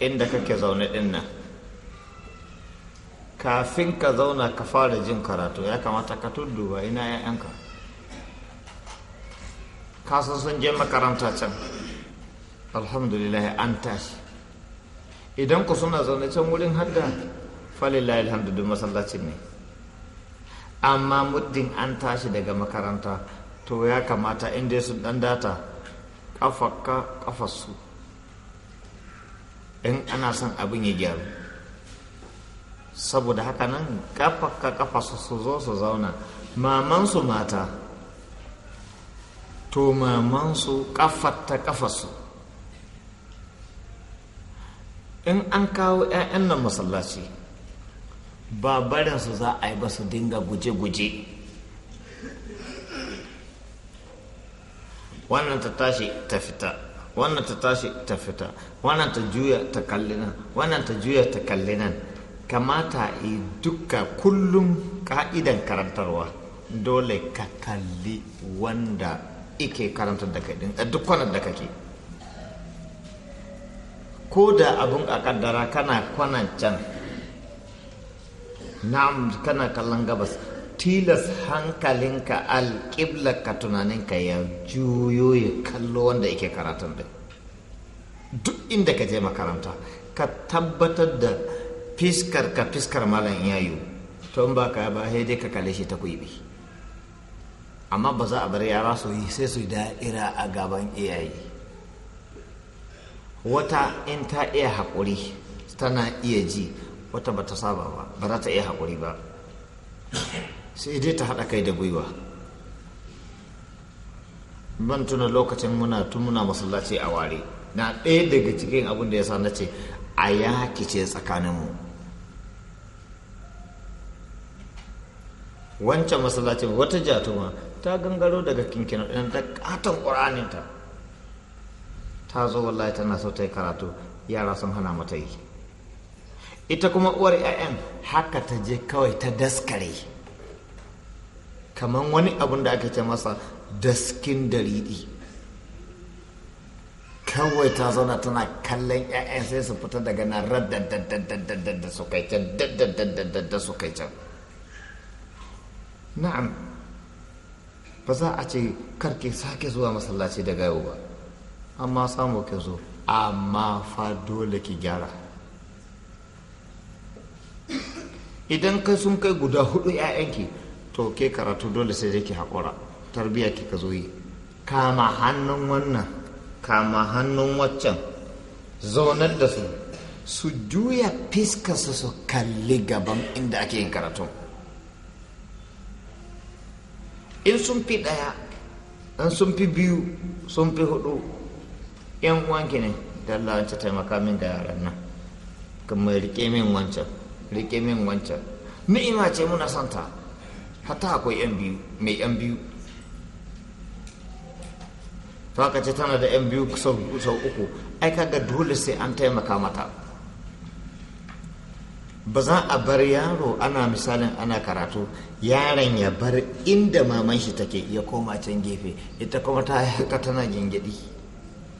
inda kake zaune din kafin ka zauna ka fara jin karatu ya kamata ka tudduba ina 'ya'yanka kasan sun je makaranta can alhamdulillah an tashi idan ku suna zaune can wurin hadda falillahi alhamdulillah masallacin ne amma muddin an tashi daga makaranta to ya kamata inda su dan data kafakka kafarsu in ana son abin ya gyaru saboda haka nan kafakka kafarsu su zo su zauna mamansu mata to mamansu kafarta kafarsu in an kawo 'ya'yan nan masallaci ba su za a yi ba su dinga guje-guje wannan ta tashi ta fita wannan ta tashi ta fita wannan ta juya ta kalli nan wannan ta juya ta kalli nan kamata yi duka kullum ka'idan karantarwa dole ka kalli wanda ike karantar da kai duk kwanar da kake ko da abun a kaddara kana kwanan can na'am kana kallon gabas tilas hankalinka ka tunaninka ya juyo ya kallo wanda yake karatun da duk inda ka je makaranta ka tabbatar da fiskar ka fiskar malam yayu to in baka ba sai dai ka kalle shi ta kuibi amma ba za a bar yara su yi sai su da'ira a gaban iyaye wata in ta iya haƙuri tana iya ji wata ba ta saba ba ba za ta iya haƙuri ba sai dai ta haɗa kai da gwiwa ban tuna lokacin muna tun muna masallaci a ware na ɗaya daga cikin abin da ya sa na ce a ya kice tsakaninmu wancan masallacin wata jatuma ta gangaro daga kinkina ɗan da ƙatan ƙuraninta ta zo wallahi tana so ta yi karatu yara sun hana mata yi ita kuma uwar 'ya'yan haka ta je kawai ta daskare kamar wani abun da ake ce masa daskin dariɗi kawai ta zauna tana kallon 'ya'yan sai su fita daga nan radda su kai can su kai can na'am ba za a ce karke sake zuwa masallaci daga yau ba amma samu ki zo amma fa dole ki gyara idan kai sun kai guda hudu ki to ke karatu dole sai dai ki haƙura tarbiya ki ka zo yi kama hannun wannan kama hannun waccan zaunar da su su juya su su kalli gaban inda ake yin karatu in sun fi ɗaya in sun fi biyu sun fi hudu yan uwanki ne dalla wance taimaka min da yaran nan kuma rike min wancan rike min wancan ni'ima ce muna santa hatta akwai yan biyu mai yan biyu to aka ce tana da yan biyu sau uku ai kaga dole sai an taimaka mata ba za a bar yaro ana misalin ana karatu yaron ya bar inda maman shi take ya koma can gefe ita kuma ta haka tana gingidi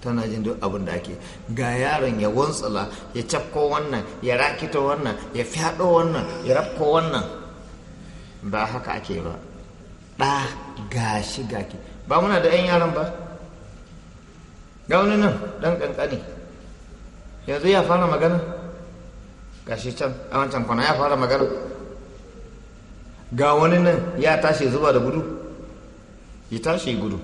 tana jin duk abin da ake ga yaron ya wantsala ya cafko wannan ya rakito wannan ya fyaɗo wannan ya rafko wannan ba haka ake ba ɗa ga shi ga ke ba muna da 'yan yaron ba ga wani nan ɗan ƙanƙani yanzu ya fara magana ga shi can a wancan kwana ya fara magana ga wani nan ya tashi zuba da gudu ya tashi gudu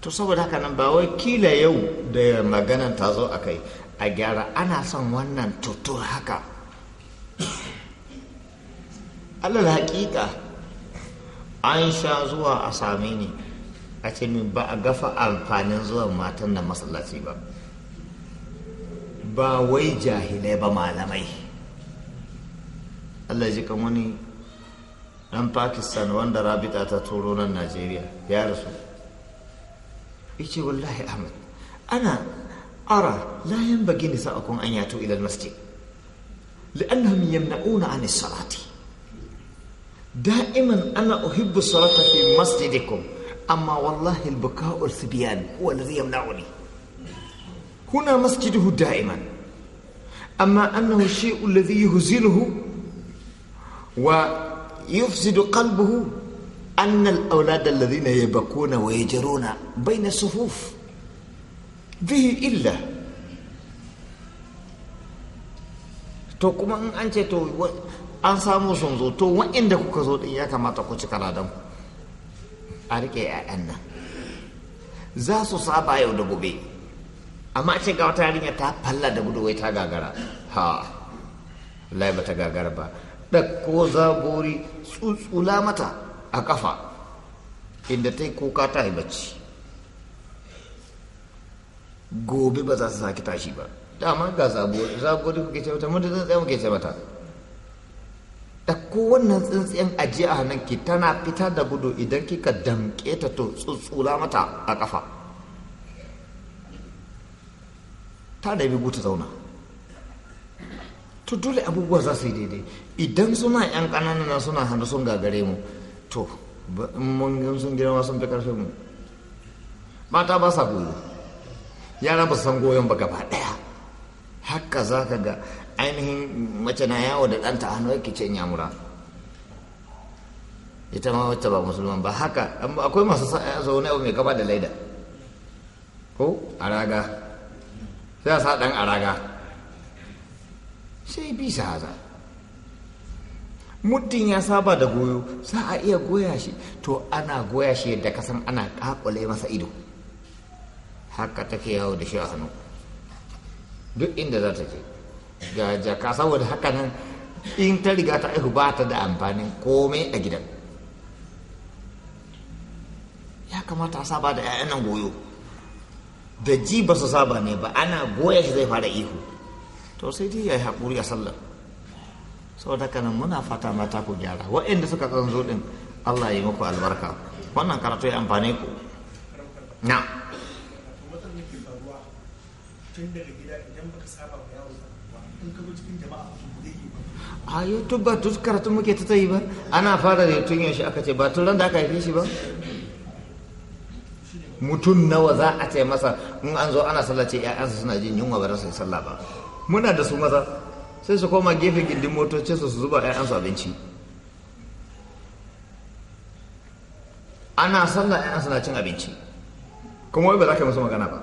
to saboda haka nan ba wai kila yau da maganan ta zo a kai a gyara ana son wannan tutu haka alal haƙiƙa an sha zuwa a sami ni a ce min ba a gafa amfanin zuwan matan da masallaci ba ba wai jahilai ba malamai allah ji kan wani dan pakistan wanda rabita ta turo nan najeriya ya rasu يجي والله أحمد أنا أرى لا ينبغي نساءكم أن يأتوا إلى المسجد لأنهم يمنعون عن الصلاة دائما أنا أحب الصلاة في مسجدكم أما والله البكاء الثبيان هو الذي يمنعني هنا مسجده دائما أما أنه الشيء الذي يهزله ويفسد قلبه annal auladar lalzina ya bako na ya jirona bai na sufuf bihi illa to kuma in an ce to an samu sun zo to wa'inda kuka zo din ya kamata ku cika ladan a rike 'ya'yan nan za su saba yau da gobe amma ce ga wata yarinya ta falla da gudu wai ta gagara ha lai ba gagara ba ɗauko zabori tsutsula mata a kafa inda ta yi kuka ta yi bacci gobe ba za su sake tashi ba dama ga zabuwar da kuke ce mata mun da tsintsiya muke ce mata ko wannan tsintsiyan ajiye a hannunki tana fita da gudu idan kika damƙe ta to tsutsula mata a ƙafa ta da bigu ta zauna to dole abubuwa za su yi daidai idan suna 'yan ƙananan suna hannu sun gagare mu to mun sun gina wasan fi karfin mu mata ba sa goyo yara ba san goyon ba gaba daya haka za ka ga ainihin mace na yawo da ɗanta a hannu yake ce nyamura ita ma wacce ba musulman ba haka akwai masu sa'a eh, zaune abu mai gaba da laida ko a raga sai a sa ɗan a raga sai bisa haza muddin ya saba da goyo sa a iya goya shi to ana goya shi yadda kasan ana kakule masa ido haka take yawo da shi a hannu duk inda za ta ke ga jaka saboda haka nan in ta riga ta aihu ba ta da amfanin komai a gidan ya kamata a saba da 'ya'yan nan goyo da ji ba su saba ne ba ana goya shi zai fara ihu to sai dai ya yi haƙuri a sallar sau da kanan muna fata mata ku gyara wa'inda suka tsanzo ɗin allah yi muku albarka wannan karatu ya amfane ku na a youtube ba tun karatu muke ta yi ba ana fara da tun yaushe aka ce ba tun ran da aka haife shi ba mutum nawa za a ce masa in an zo ana sallace 'ya'yansa suna jin yunwa ba rasa sallah ba muna da su maza sai su koma gefe gindin motocin su zuba 'ya'yansu abinci ana sallah 'ya'yansu na cin abinci kuma wai ba za ka yi musu magana ba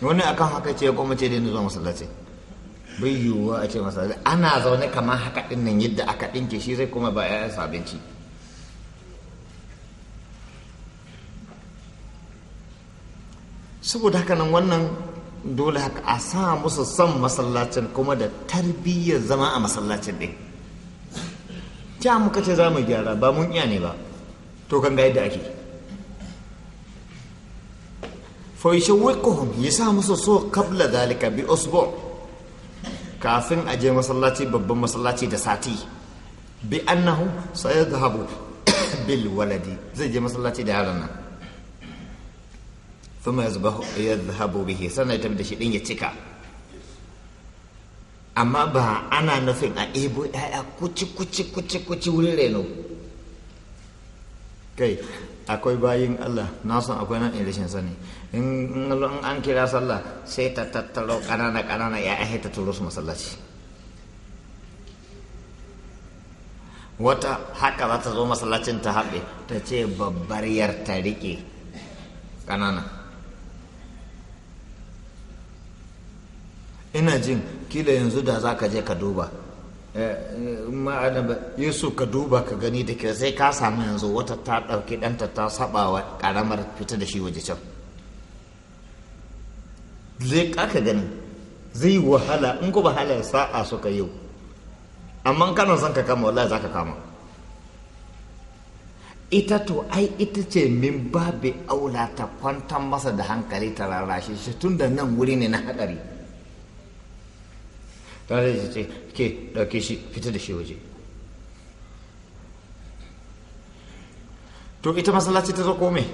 wani akan haka ce kuma ce dai zuwa masallaci bai yiwuwa a ce masallaci ana zaune kamar haka ɗin nan yadda aka ɗinke shi zai kuma ba 'ya'yansu abinci saboda haka nan wannan dole haka a sa musu son masallacin kuma da tarbiyyar zama a masallacin ɗin ta muka ce za mu gyara ba mun iya ne ba to kan ga yadda ake faishe ya sa musu so kabla dalika bi osbo kafin a je masallaci babban masallaci da sati bi annahu sai ya zahabu bil waladi zai je masallaci da yaran nan thumma yadhhabu bihi sannan ya tafi da shi din ya cika amma ba ana nufin a ebo ya'ya kuci kuci kuci kuci wurin reno kai akwai bayin Allah na san akwai nan irishin sani in an kira sallah sai ta tattaro ƙanana ƙanana ya'ya ta turo su masallaci wata haka za ta zo masallacin ta haɓe ta ce babbar yar ta riƙe ƙanana ina jin kila yanzu da za ka je ka duba eh, yesu ka duba ka gani da ke sai ka samu yanzu wata ta ɗauki ɗanta ta saba wa ƙaramar fita da shi waje can zai ka gani zai wahala in ko wahala sa'a suka yau amma kana son ka kama wallahi za ka kama ita to ai ita ce min babu aula ta kwantar masa da hankali ta rarrashe shi tun da nan wuri ne na hadari. ta da ce ke ɗauke shi fita da shi waje to ita masallaci ta zo kome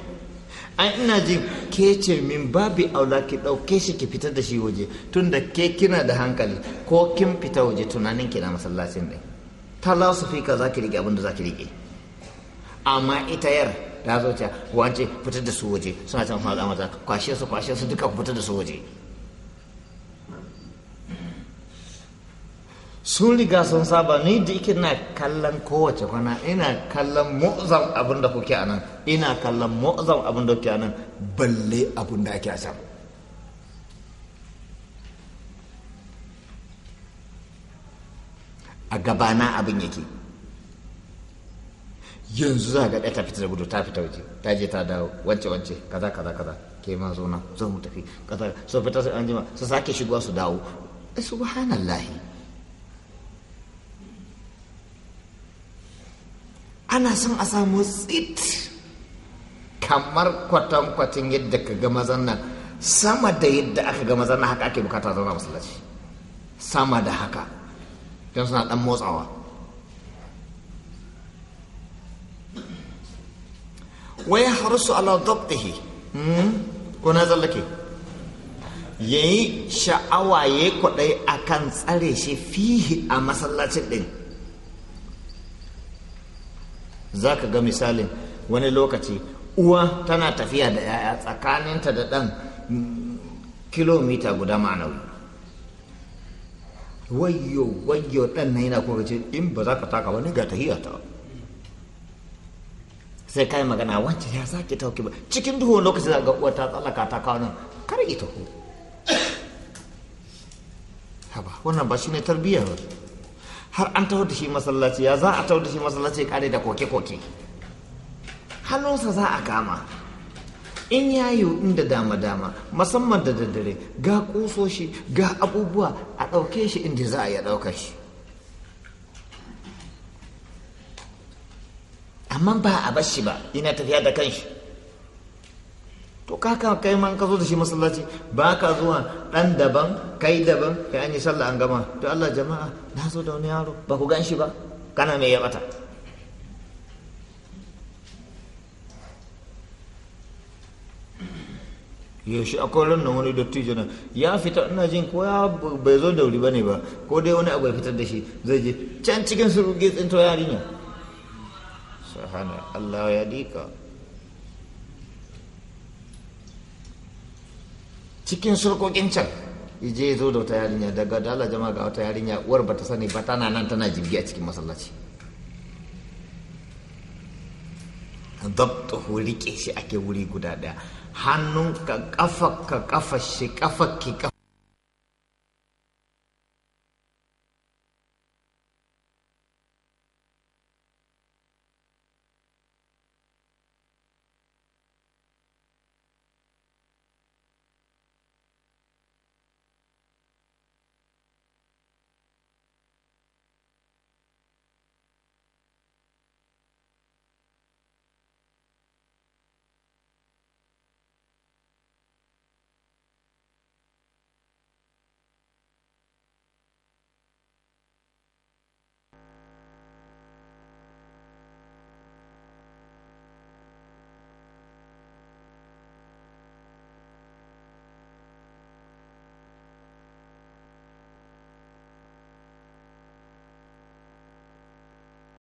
ai ina ji ke ce min babi aula ki ɗauke shi ki fitar da shi waje tun da ke kina da hankali ko kin fita waje tunanin ki na masallacin ɗin ta ka za ki rike abinda za ki rike amma ita yar ta zo ta wance fitar da su waje suna can fara mata kwashe su kwashe su duka fitar da su waje sun riga sun saba ni da ike na kallon kowace kwana ina kallon mu'zam abin da kuke anan ina kallon mu'zam abin da kuke anan balle abin da ake a a gabana abin yake yanzu za ga ta fita da gudu ta fita waje ta je ta dawo wance wance kaza kaza kaza ke ma zo na zo mu tafi kaza so fita su an jima su sake shigowa su dawo subhanallahi ana son a samu tsit kamar kwatankwacin yadda ka ga mazan nan sama da yadda aka ga mazan nan haka ake bukata zauna masallaci sama da haka don suna dan motsawa wa ya harasu ala dabtihi hmm? ko na zallake yayi sha'awa yayi kwadai akan tsare shi fihi a masallacin din za ka ga misalin wani lokaci uwa tana tafiya da 'ya'ya tsakaninta da ɗan kilomita guda ma'anawi wayo wayo ɗan na yana kuma ce in ba za ka taka wani ga ta ta sai kai magana wancan ya ki tauki ba cikin duhu lokacin da ga uwa ta tsallaka ta kawo nan kar ita ku haba wannan ba shi ne tarbiyya ba har an taho da shi masallaci ya za a taho da shi masallaci kare da koke-koke hannunsa za a kama in ya yi inda dama-dama musamman da daddare ga kusoshi ga abubuwa a ɗauke shi inda za a yi ɗauka shi amma ba a bashi ba ina tafiya da kanshi to kaka kai man ka zo da shi masallaci ba ka zuwa ɗan daban kai daban kai an yi sallah an gama to Allah jama'a na zo da wani yaro ba ku gan shi ba kana mai ya bata yaushe akwai ranar wani dattijo nan ya fita ina jin ko ya bai zo da wuri bane ba ko dai wani abu ya fitar da shi zai je can cikin surugi tsinto yarinya subhana Allah ya dika cikin surkokin can ije zo da wata yarinya daga dala jama'a ga wata yarinya uwar bata sani ba tana nan tana jirgi a cikin masallaci dabtu rike shi ake wuri guda daya hannun ka kafa ka kafa shi kafa ki